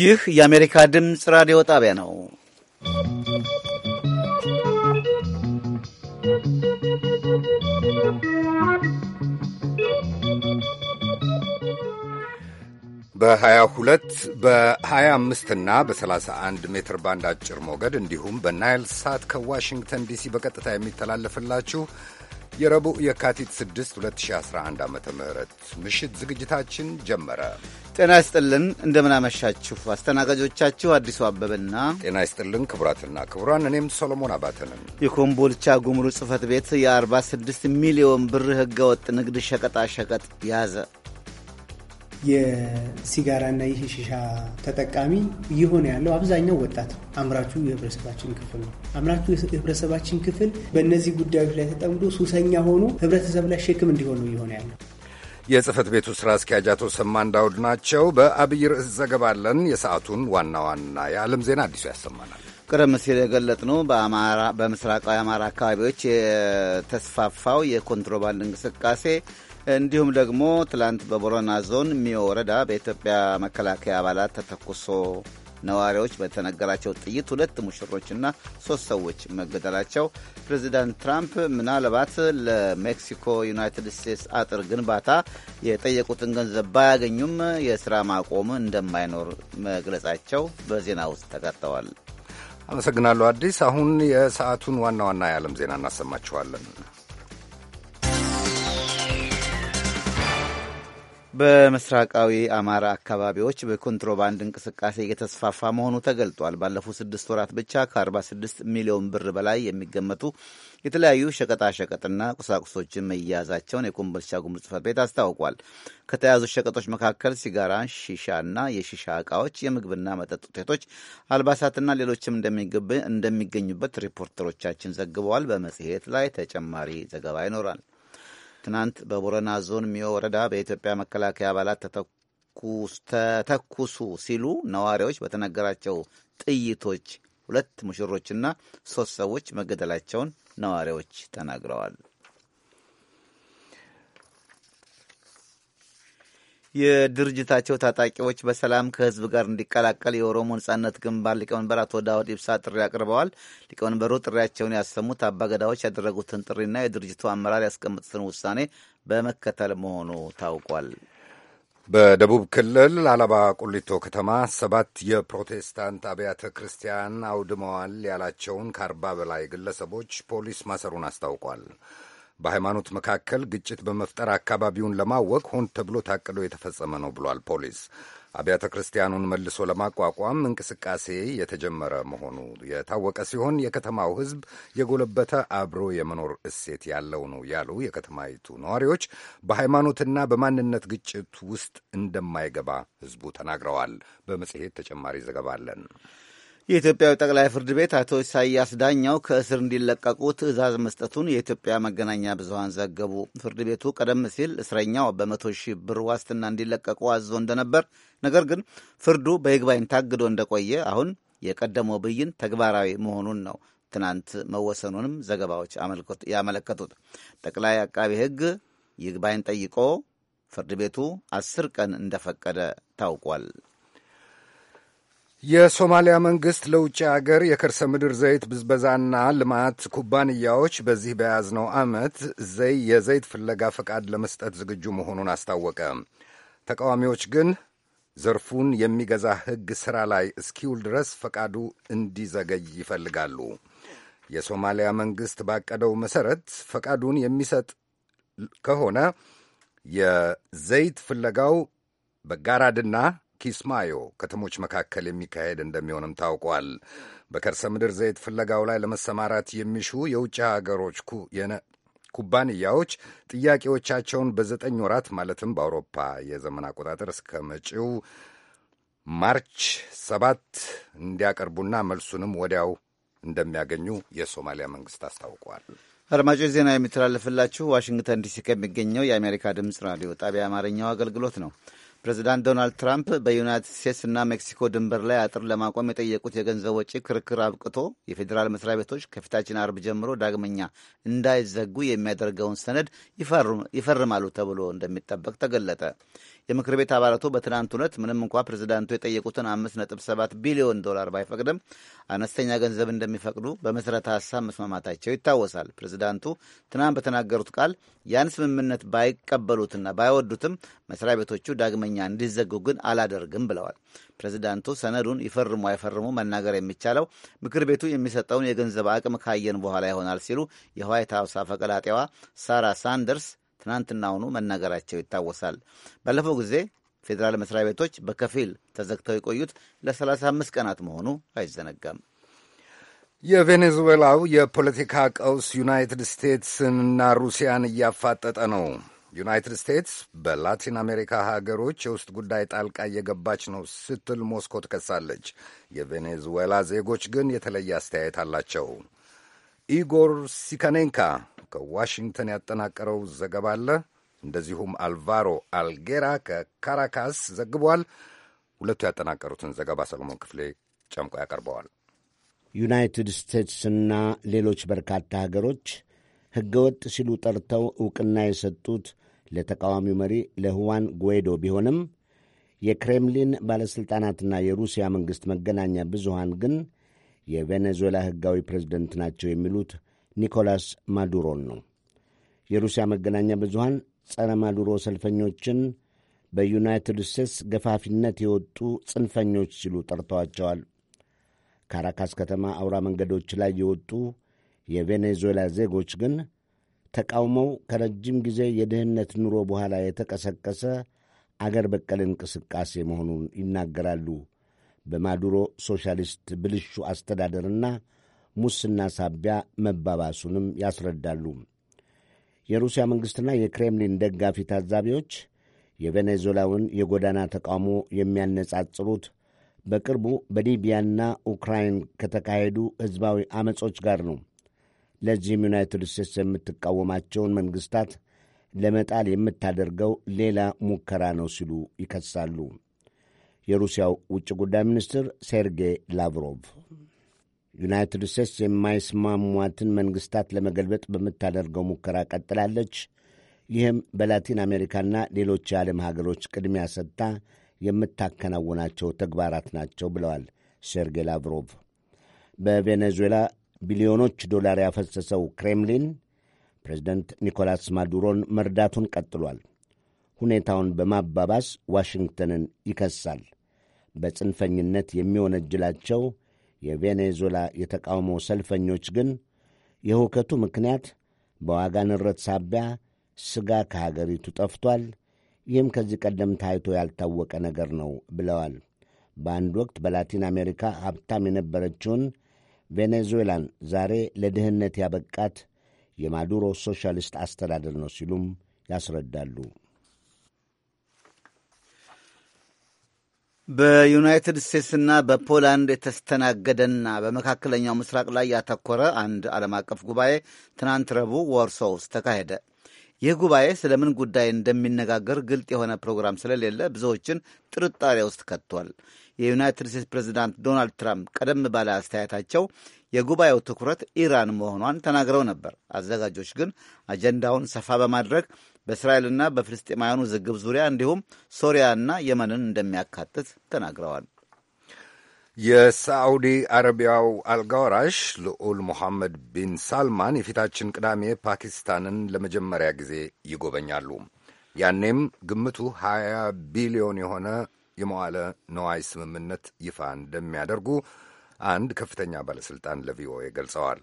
ይህ የአሜሪካ ድምፅ ራዲዮ ጣቢያ ነው። በ22 በ25 እና በ31 ሜትር ባንድ አጭር ሞገድ እንዲሁም በናይል ሳት ከዋሽንግተን ዲሲ በቀጥታ የሚተላለፍላችሁ የረቡዕ የካቲት 6 2011 ዓ ም ምሽት ዝግጅታችን ጀመረ። ጤና ይስጥልን እንደምናመሻችሁ። አስተናጋጆቻችሁ አዲሱ አበበና ጤና ይስጥልን ክቡራትና ክቡራን፣ እኔም ሶሎሞን አባተንን። የኮምቦልቻ ጉምሩ ጽሕፈት ቤት የ46 ሚሊዮን ብር ህገወጥ ንግድ ሸቀጣ ሸቀጥ ያዘ። የሲጋራና ይህ ሽሻ ተጠቃሚ እየሆነ ያለው አብዛኛው ወጣት አምራቹ የህብረተሰባችን ክፍል ነው። አምራቹ የህብረተሰባችን ክፍል በእነዚህ ጉዳዮች ላይ ተጠምዶ ሱሰኛ ሆኖ ህብረተሰብ ላይ ሸክም እንዲሆኑ ነው እየሆነ ያለው። የጽህፈት ቤቱ ሥራ አስኪያጅ አቶ ሰማን ዳውድ ናቸው። በአብይ ርዕስ የሰዓቱን ዋና ዋና የዓለም ዜና አዲሱ ያሰማናል። ቅድም ሲል የገለጽነው በምስራቃዊ አማራ አካባቢዎች የተስፋፋው የኮንትሮባንድ እንቅስቃሴ እንዲሁም ደግሞ ትላንት በቦረና ዞን ሚዮ ወረዳ በኢትዮጵያ መከላከያ አባላት ተተኩሶ ነዋሪዎች በተነገራቸው ጥይት ሁለት ሙሽሮችና ሶስት ሰዎች መገደላቸው፣ ፕሬዚዳንት ትራምፕ ምናልባት ለሜክሲኮ ዩናይትድ ስቴትስ አጥር ግንባታ የጠየቁትን ገንዘብ ባያገኙም የስራ ማቆም እንደማይኖር መግለጻቸው በዜና ውስጥ ተካተዋል። አመሰግናለሁ አዲስ። አሁን የሰዓቱን ዋና ዋና የዓለም ዜና እናሰማችኋለን። በምስራቃዊ አማራ አካባቢዎች በኮንትሮባንድ እንቅስቃሴ እየተስፋፋ መሆኑ ተገልጧል። ባለፉት ስድስት ወራት ብቻ ከ46 ሚሊዮን ብር በላይ የሚገመቱ የተለያዩ ሸቀጣሸቀጥና ቁሳቁሶችን መያዛቸውን የኮምቦልቻ ጉምሩክ ጽሕፈት ቤት አስታውቋል። ከተያዙ ሸቀጦች መካከል ሲጋራ፣ ሺሻና የሺሻ ዕቃዎች፣ የምግብና መጠጥ ውጤቶች፣ አልባሳትና ሌሎችም እንደሚገኙበት ሪፖርተሮቻችን ዘግበዋል። በመጽሔት ላይ ተጨማሪ ዘገባ ይኖራል። ትናንት በቦረና ዞን ሚዮ ወረዳ በኢትዮጵያ መከላከያ አባላት ተተኩሱ ሲሉ ነዋሪዎች በተነገራቸው ጥይቶች ሁለት ሙሽሮችና ሶስት ሰዎች መገደላቸውን ነዋሪዎች ተናግረዋል። የድርጅታቸው ታጣቂዎች በሰላም ከህዝብ ጋር እንዲቀላቀል የኦሮሞ ነጻነት ግንባር ሊቀመንበር አቶ ዳውድ ኢብሳ ጥሪ አቅርበዋል። ሊቀመንበሩ ጥሪያቸውን ያሰሙት አባገዳዎች ያደረጉትን ጥሪና የድርጅቱ አመራር ያስቀምጡትን ውሳኔ በመከተል መሆኑ ታውቋል። በደቡብ ክልል አላባ ቁሊቶ ከተማ ሰባት የፕሮቴስታንት አብያተ ክርስቲያን አውድመዋል ያላቸውን ከአርባ በላይ ግለሰቦች ፖሊስ ማሰሩን አስታውቋል። በሃይማኖት መካከል ግጭት በመፍጠር አካባቢውን ለማወቅ ሆን ተብሎ ታቅዶ የተፈጸመ ነው ብሏል ፖሊስ። አብያተ ክርስቲያኑን መልሶ ለማቋቋም እንቅስቃሴ የተጀመረ መሆኑ የታወቀ ሲሆን የከተማው ሕዝብ የጎለበተ አብሮ የመኖር እሴት ያለው ነው ያሉ የከተማይቱ ነዋሪዎች በሃይማኖትና በማንነት ግጭት ውስጥ እንደማይገባ ሕዝቡ ተናግረዋል። በመጽሔት ተጨማሪ ዘገባ አለን። የኢትዮጵያው ጠቅላይ ፍርድ ቤት አቶ ኢሳያስ ዳኛው ከእስር እንዲለቀቁ ትዕዛዝ መስጠቱን የኢትዮጵያ መገናኛ ብዙኃን ዘገቡ። ፍርድ ቤቱ ቀደም ሲል እስረኛው በመቶ ሺህ ብር ዋስትና እንዲለቀቁ አዞ እንደነበር፣ ነገር ግን ፍርዱ በይግባኝ ታግዶ እንደቆየ አሁን የቀደመው ብይን ተግባራዊ መሆኑን ነው ትናንት መወሰኑንም ዘገባዎች ያመለከቱት። ጠቅላይ አቃቤ ሕግ ይግባኝ ጠይቆ ፍርድ ቤቱ አስር ቀን እንደፈቀደ ታውቋል። የሶማሊያ መንግስት ለውጭ አገር የከርሰ ምድር ዘይት ብዝበዛና ልማት ኩባንያዎች በዚህ በያዝነው ዓመት ዘይ የዘይት ፍለጋ ፈቃድ ለመስጠት ዝግጁ መሆኑን አስታወቀ። ተቃዋሚዎች ግን ዘርፉን የሚገዛ ሕግ ሥራ ላይ እስኪውል ድረስ ፈቃዱ እንዲዘገይ ይፈልጋሉ። የሶማሊያ መንግስት ባቀደው መሠረት ፈቃዱን የሚሰጥ ከሆነ የዘይት ፍለጋው በጋራድና ኪስማዮ ከተሞች መካከል የሚካሄድ እንደሚሆንም ታውቋል። በከርሰ ምድር ዘይት ፍለጋው ላይ ለመሰማራት የሚሹ የውጭ ሀገሮች ኩባንያዎች ጥያቄዎቻቸውን በዘጠኝ ወራት ማለትም በአውሮፓ የዘመን አቆጣጠር እስከ መጪው ማርች ሰባት እንዲያቀርቡና መልሱንም ወዲያው እንደሚያገኙ የሶማሊያ መንግስት አስታውቋል። አድማጮች ዜና የሚተላለፍላችሁ ዋሽንግተን ዲሲ ከሚገኘው የአሜሪካ ድምፅ ራዲዮ ጣቢያ አማርኛው አገልግሎት ነው። ፕሬዚዳንት ዶናልድ ትራምፕ በዩናይትድ እና ሜክሲኮ ድንበር ላይ አጥር ለማቆም የጠየቁት የገንዘብ ወጪ ክርክር አብቅቶ የፌዴራል መስሪያ ቤቶች ከፊታችን አርብ ጀምሮ ዳግመኛ እንዳይዘጉ የሚያደርገውን ሰነድ ይፈርማሉ ተብሎ እንደሚጠበቅ ተገለጠ። የምክር ቤት አባላቱ በትናንት እለት ምንም እንኳ ፕሬዚዳንቱ የጠየቁትን አምስት ነጥብ ሰባት ቢሊዮን ዶላር ባይፈቅድም አነስተኛ ገንዘብ እንደሚፈቅዱ በመሠረተ ሀሳብ መስማማታቸው ይታወሳል። ፕሬዚዳንቱ ትናንት በተናገሩት ቃል ያን ስምምነት ባይቀበሉትና ባይወዱትም መስሪያ ቤቶቹ ዳግመኛ እንዲዘጉ ግን አላደርግም ብለዋል። ፕሬዚዳንቱ ሰነዱን ይፈርሙ አይፈርሙ መናገር የሚቻለው ምክር ቤቱ የሚሰጠውን የገንዘብ አቅም ካየን በኋላ ይሆናል ሲሉ የዋይት ሀውስ አፈቀላጤዋ ሳራ ሳንደርስ ትናንትናውኑ መናገራቸው ይታወሳል። ባለፈው ጊዜ ፌዴራል መስሪያ ቤቶች በከፊል ተዘግተው የቆዩት ለ35 ቀናት መሆኑ አይዘነጋም። የቬኔዙዌላው የፖለቲካ ቀውስ ዩናይትድ ስቴትስንና ሩሲያን እያፋጠጠ ነው። ዩናይትድ ስቴትስ በላቲን አሜሪካ ሀገሮች የውስጥ ጉዳይ ጣልቃ እየገባች ነው ስትል ሞስኮ ትከሳለች። የቬኔዙዌላ ዜጎች ግን የተለየ አስተያየት አላቸው። ኢጎር ሲካኔንካ ከዋሽንግተን ያጠናቀረው ዘገባ አለ። እንደዚሁም አልቫሮ አልጌራ ከካራካስ ዘግቧል። ሁለቱ ያጠናቀሩትን ዘገባ ሰለሞን ክፍሌ ጨምቆ ያቀርበዋል። ዩናይትድ ስቴትስና ሌሎች በርካታ ሀገሮች ህገወጥ ሲሉ ጠርተው ዕውቅና የሰጡት ለተቃዋሚው መሪ ለሁዋን ጉዌዶ ቢሆንም የክሬምሊን ባለሥልጣናትና የሩሲያ መንግሥት መገናኛ ብዙሃን ግን የቬኔዙዌላ ሕጋዊ ፕሬዝደንት ናቸው የሚሉት ኒኮላስ ማዱሮን ነው። የሩሲያ መገናኛ ብዙሃን ጸረ ማዱሮ ሰልፈኞችን በዩናይትድ ስቴትስ ገፋፊነት የወጡ ጽንፈኞች ሲሉ ጠርተዋቸዋል። ካራካስ ከተማ አውራ መንገዶች ላይ የወጡ የቬኔዙዌላ ዜጎች ግን ተቃውሞው ከረጅም ጊዜ የድህነት ኑሮ በኋላ የተቀሰቀሰ አገር በቀል እንቅስቃሴ መሆኑን ይናገራሉ። በማዱሮ ሶሻሊስት ብልሹ አስተዳደርና ሙስና ሳቢያ መባባሱንም ያስረዳሉ። የሩሲያ መንግሥትና የክሬምሊን ደጋፊ ታዛቢዎች የቬኔዙላውን የጎዳና ተቃውሞ የሚያነጻጽሩት በቅርቡ በሊቢያና ኡክራይን ከተካሄዱ ሕዝባዊ ዐመጾች ጋር ነው። ለዚህም ዩናይትድ ስቴትስ የምትቃወማቸውን መንግሥታት ለመጣል የምታደርገው ሌላ ሙከራ ነው ሲሉ ይከሳሉ። የሩሲያው ውጭ ጉዳይ ሚኒስትር ሴርጌይ ላቭሮቭ ዩናይትድ ስቴትስ የማይስማሟትን መንግስታት ለመገልበጥ በምታደርገው ሙከራ ቀጥላለች። ይህም በላቲን አሜሪካና ሌሎች የዓለም ሀገሮች ቅድሚያ ሰጥታ የምታከናውናቸው ተግባራት ናቸው ብለዋል ሴርጌይ ላቭሮቭ። በቬኔዙዌላ ቢሊዮኖች ዶላር ያፈሰሰው ክሬምሊን ፕሬዚደንት ኒኮላስ ማዱሮን መርዳቱን ቀጥሏል። ሁኔታውን በማባባስ ዋሽንግተንን ይከሳል። በጽንፈኝነት የሚወነጅላቸው የቬኔዙላ የተቃውሞ ሰልፈኞች ግን የሁከቱ ምክንያት በዋጋ ንረት ሳቢያ ሥጋ ከሀገሪቱ ጠፍቷል፣ ይህም ከዚህ ቀደም ታይቶ ያልታወቀ ነገር ነው ብለዋል። በአንድ ወቅት በላቲን አሜሪካ ሀብታም የነበረችውን ቬኔዙዌላን ዛሬ ለድህነት ያበቃት የማዱሮ ሶሻሊስት አስተዳደር ነው ሲሉም ያስረዳሉ። በዩናይትድ ስቴትስና በፖላንድ የተስተናገደና በመካከለኛው ምስራቅ ላይ ያተኮረ አንድ ዓለም አቀፍ ጉባኤ ትናንት ረቡዕ ዋርሶ ውስጥ ተካሄደ። ይህ ጉባኤ ስለምን ጉዳይ እንደሚነጋገር ግልጥ የሆነ ፕሮግራም ስለሌለ ብዙዎችን ጥርጣሬ ውስጥ ከቷል። የዩናይትድ ስቴትስ ፕሬዚዳንት ዶናልድ ትራምፕ ቀደም ባለ አስተያየታቸው የጉባኤው ትኩረት ኢራን መሆኗን ተናግረው ነበር። አዘጋጆች ግን አጀንዳውን ሰፋ በማድረግ በእስራኤልና በፍልስጤማውያኑ ውዝግብ ዙሪያ እንዲሁም ሶሪያና የመንን እንደሚያካትት ተናግረዋል። የሳዑዲ አረቢያው አልጋወራሽ ልዑል ሙሐመድ ቢን ሳልማን የፊታችን ቅዳሜ ፓኪስታንን ለመጀመሪያ ጊዜ ይጎበኛሉ። ያኔም ግምቱ 20 ቢሊዮን የሆነ የመዋለ ነዋይ ስምምነት ይፋ እንደሚያደርጉ አንድ ከፍተኛ ባለሥልጣን ለቪኦኤ ገልጸዋል።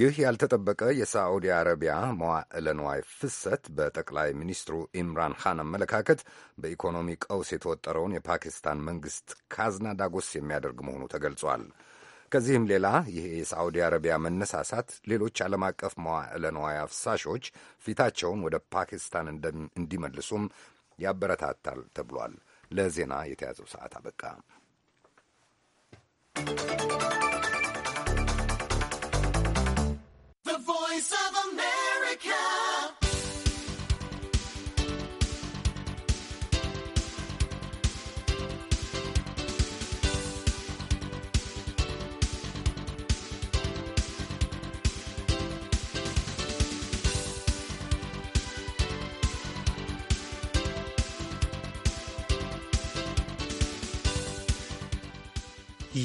ይህ ያልተጠበቀ የሳዑዲ አረቢያ መዋዕለ ንዋይ ፍሰት በጠቅላይ ሚኒስትሩ ኢምራን ኻን አመለካከት በኢኮኖሚ ቀውስ የተወጠረውን የፓኪስታን መንግሥት ካዝና ዳጎስ የሚያደርግ መሆኑ ተገልጿል። ከዚህም ሌላ ይህ የሳዑዲ አረቢያ መነሳሳት ሌሎች ዓለም አቀፍ መዋዕለ ንዋይ አፍሳሾች ፊታቸውን ወደ ፓኪስታን እንዲመልሱም ያበረታታል ተብሏል። ለዜና የተያዘው ሰዓት አበቃ።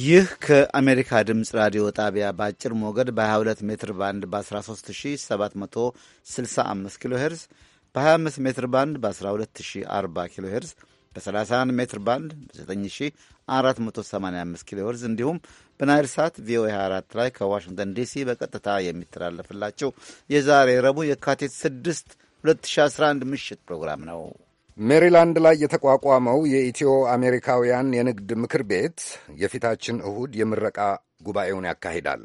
ይህ ከአሜሪካ ድምፅ ራዲዮ ጣቢያ በአጭር ሞገድ በ22 ሜትር ባንድ በ13765 ኪሎ ሄርዝ በ25 ሜትር ባንድ በ1240 ኪሎ ሄርዝ በ31 ሜትር ባንድ በ9485 ኪሎ ሄርዝ እንዲሁም በናይል ሳት ቪኦኤ 24 ላይ ከዋሽንግተን ዲሲ በቀጥታ የሚተላለፍላቸው የዛሬ ረቡዕ የካቲት 6 2011 ምሽት ፕሮግራም ነው። ሜሪላንድ ላይ የተቋቋመው የኢትዮ አሜሪካውያን የንግድ ምክር ቤት የፊታችን እሁድ የምረቃ ጉባኤውን ያካሂዳል።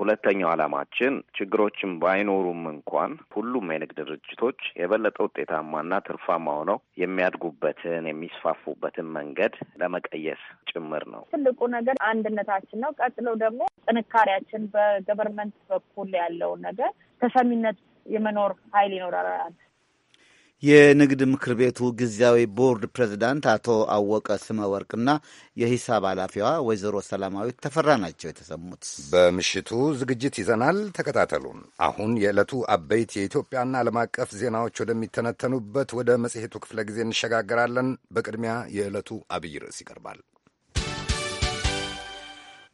ሁለተኛው ዓላማችን ችግሮችን ባይኖሩም እንኳን ሁሉም የንግድ ድርጅቶች የበለጠ ውጤታማና ትርፋማ ሆነው የሚያድጉበትን የሚስፋፉበትን መንገድ ለመቀየስ ጭምር ነው። ትልቁ ነገር አንድነታችን ነው። ቀጥለው ደግሞ ጥንካሬያችን በገቨርንመንት በኩል ያለውን ነገር ተሰሚነት የመኖር ኃይል ይኖራል። የንግድ ምክር ቤቱ ጊዜያዊ ቦርድ ፕሬዚዳንት አቶ አወቀ ስመ ወርቅና የሂሳብ ኃላፊዋ ወይዘሮ ሰላማዊት ተፈራ ናቸው የተሰሙት። በምሽቱ ዝግጅት ይዘናል፣ ተከታተሉን። አሁን የዕለቱ አበይት የኢትዮጵያና ዓለም አቀፍ ዜናዎች ወደሚተነተኑበት ወደ መጽሔቱ ክፍለ ጊዜ እንሸጋገራለን። በቅድሚያ የዕለቱ አብይ ርዕስ ይቀርባል።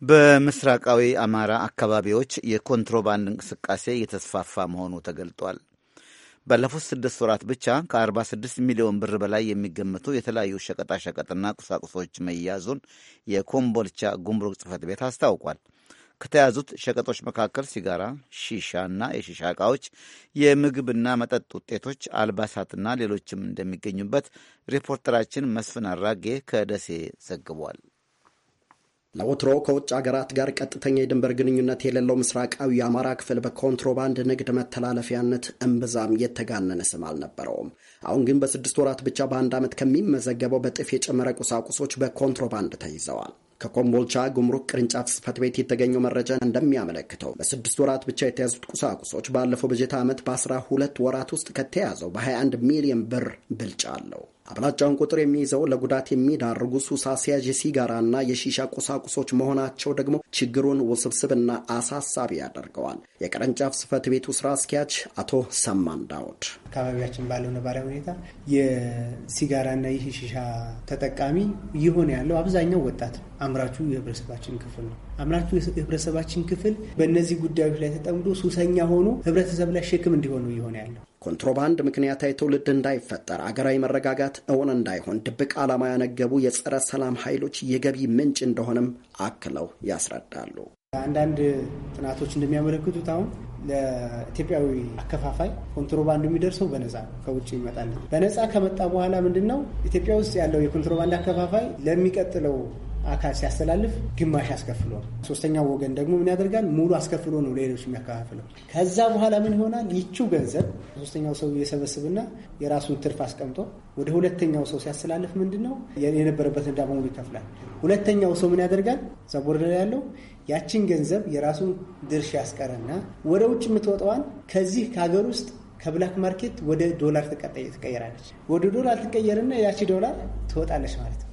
በምስራቃዊ አማራ አካባቢዎች የኮንትሮባንድ እንቅስቃሴ እየተስፋፋ መሆኑ ተገልጧል። ባለፉት ስድስት ወራት ብቻ ከ46 ሚሊዮን ብር በላይ የሚገመቱ የተለያዩ ሸቀጣሸቀጥና ቁሳቁሶች መያዙን የኮምቦልቻ ጉምሩክ ጽፈት ቤት አስታውቋል። ከተያዙት ሸቀጦች መካከል ሲጋራ፣ ሺሻና የሺሻ እቃዎች፣ የምግብና መጠጥ ውጤቶች፣ አልባሳትና ሌሎችም እንደሚገኙበት ሪፖርተራችን መስፍን አራጌ ከደሴ ዘግቧል። ለወትሮ ከውጭ ሀገራት ጋር ቀጥተኛ የድንበር ግንኙነት የሌለው ምስራቃዊ የአማራ ክፍል በኮንትሮባንድ ንግድ መተላለፊያነት እምብዛም የተጋነነ ስም አልነበረውም። አሁን ግን በስድስት ወራት ብቻ በአንድ ዓመት ከሚመዘገበው በጥፍ የጨመረ ቁሳቁሶች በኮንትሮባንድ ተይዘዋል። ከኮምቦልቻ ጉምሩክ ቅርንጫፍ ጽህፈት ቤት የተገኘው መረጃ እንደሚያመለክተው በስድስት ወራት ብቻ የተያዙት ቁሳቁሶች ባለፈው በጀት ዓመት በ12 ወራት ውስጥ ከተያዘው በ21 ሚሊዮን ብር ብልጫ አለው። አብላጫውን ቁጥር የሚይዘው ለጉዳት የሚዳርጉ ሱስ አስያዥ የሲጋራና የሺሻ ቁሳቁሶች መሆናቸው ደግሞ ችግሩን ውስብስብና አሳሳቢ ያደርገዋል። የቅርንጫፍ ጽሕፈት ቤቱ ስራ አስኪያጅ አቶ ሰማን ዳውድ አካባቢያችን ባለው ነባሪያ ሁኔታ የሲጋራና ይህ ሺሻ ተጠቃሚ ይሆን ያለው አብዛኛው ወጣት ነው። አምራቹ የህብረተሰባችን ክፍል ነው። አምራቹ የህብረተሰባችን ክፍል በእነዚህ ጉዳዮች ላይ ተጠምዶ ሱሰኛ ሆኖ ህብረተሰብ ላይ ሸክም እንዲሆኑ ይሆን ያለው ኮንትሮባንድ ምክንያታዊ ትውልድ እንዳይፈጠር፣ አገራዊ መረጋጋት እውን እንዳይሆን ድብቅ ዓላማ ያነገቡ የጸረ ሰላም ኃይሎች የገቢ ምንጭ እንደሆነም አክለው ያስረዳሉ። አንዳንድ ጥናቶች እንደሚያመለክቱት አሁን ለኢትዮጵያዊ አከፋፋይ ኮንትሮባንዱ የሚደርሰው በነፃ ከውጭ ይመጣል። በነፃ ከመጣ በኋላ ምንድን ነው ኢትዮጵያ ውስጥ ያለው የኮንትሮባንድ አከፋፋይ ለሚቀጥለው አካል ሲያስተላልፍ ግማሽ አስከፍሎ ነው። ሶስተኛው ወገን ደግሞ ምን ያደርጋል? ሙሉ አስከፍሎ ነው ሌሎች የሚያከፋፍለው። ከዛ በኋላ ምን ይሆናል? ይቹ ገንዘብ ሶስተኛው ሰው እየሰበስብና የራሱን ትርፍ አስቀምጦ ወደ ሁለተኛው ሰው ሲያስተላልፍ ምንድን ነው የነበረበት እዳ በሙሉ ይከፍላል። ሁለተኛው ሰው ምን ያደርጋል? እዛ ቦርድ ላይ ያለው ያችን ገንዘብ የራሱን ድርሻ ያስቀረና ወደ ውጭ የምትወጣዋን ከዚህ ከሀገር ውስጥ ከብላክ ማርኬት ወደ ዶላር ትቀየራለች። ወደ ዶላር ትቀየርና ያቺ ዶላር ትወጣለች ማለት ነው።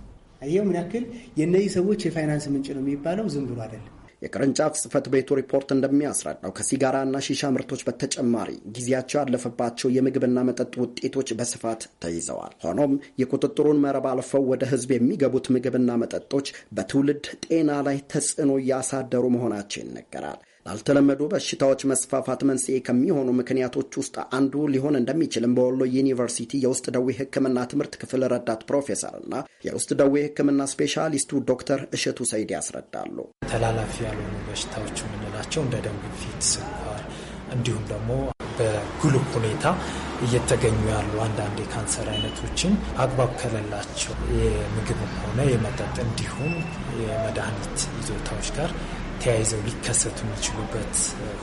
ይኸው ምን ያክል የእነዚህ ሰዎች የፋይናንስ ምንጭ ነው የሚባለው ዝም ብሎ አይደለም። የቅርንጫፍ ጽህፈት ቤቱ ሪፖርት እንደሚያስረዳው ከሲጋራና ሺሻ ምርቶች በተጨማሪ ጊዜያቸው ያለፈባቸው የምግብና መጠጥ ውጤቶች በስፋት ተይዘዋል። ሆኖም የቁጥጥሩን መረብ አልፈው ወደ ሕዝብ የሚገቡት ምግብና መጠጦች በትውልድ ጤና ላይ ተጽዕኖ እያሳደሩ መሆናቸው ይነገራል። ላልተለመዱ በሽታዎች መስፋፋት መንስኤ ከሚሆኑ ምክንያቶች ውስጥ አንዱ ሊሆን እንደሚችልም በወሎ ዩኒቨርሲቲ የውስጥ ደዌ ሕክምና ትምህርት ክፍል ረዳት ፕሮፌሰር እና የውስጥ ደዌ ሕክምና ስፔሻሊስቱ ዶክተር እሸቱ ሰይድ ያስረዳሉ። ተላላፊ ያልሆኑ በሽታዎች የምንላቸው እንደ ደም ግፊት፣ ስኳር እንዲሁም ደግሞ በጉልህ ሁኔታ እየተገኙ ያሉ አንዳንድ የካንሰር አይነቶችን አግባብ ከሌላቸው የምግብም ሆነ የመጠጥ እንዲሁም የመድኃኒት ይዞታዎች ጋር ተያይዘው ሊከሰቱ የሚችሉበት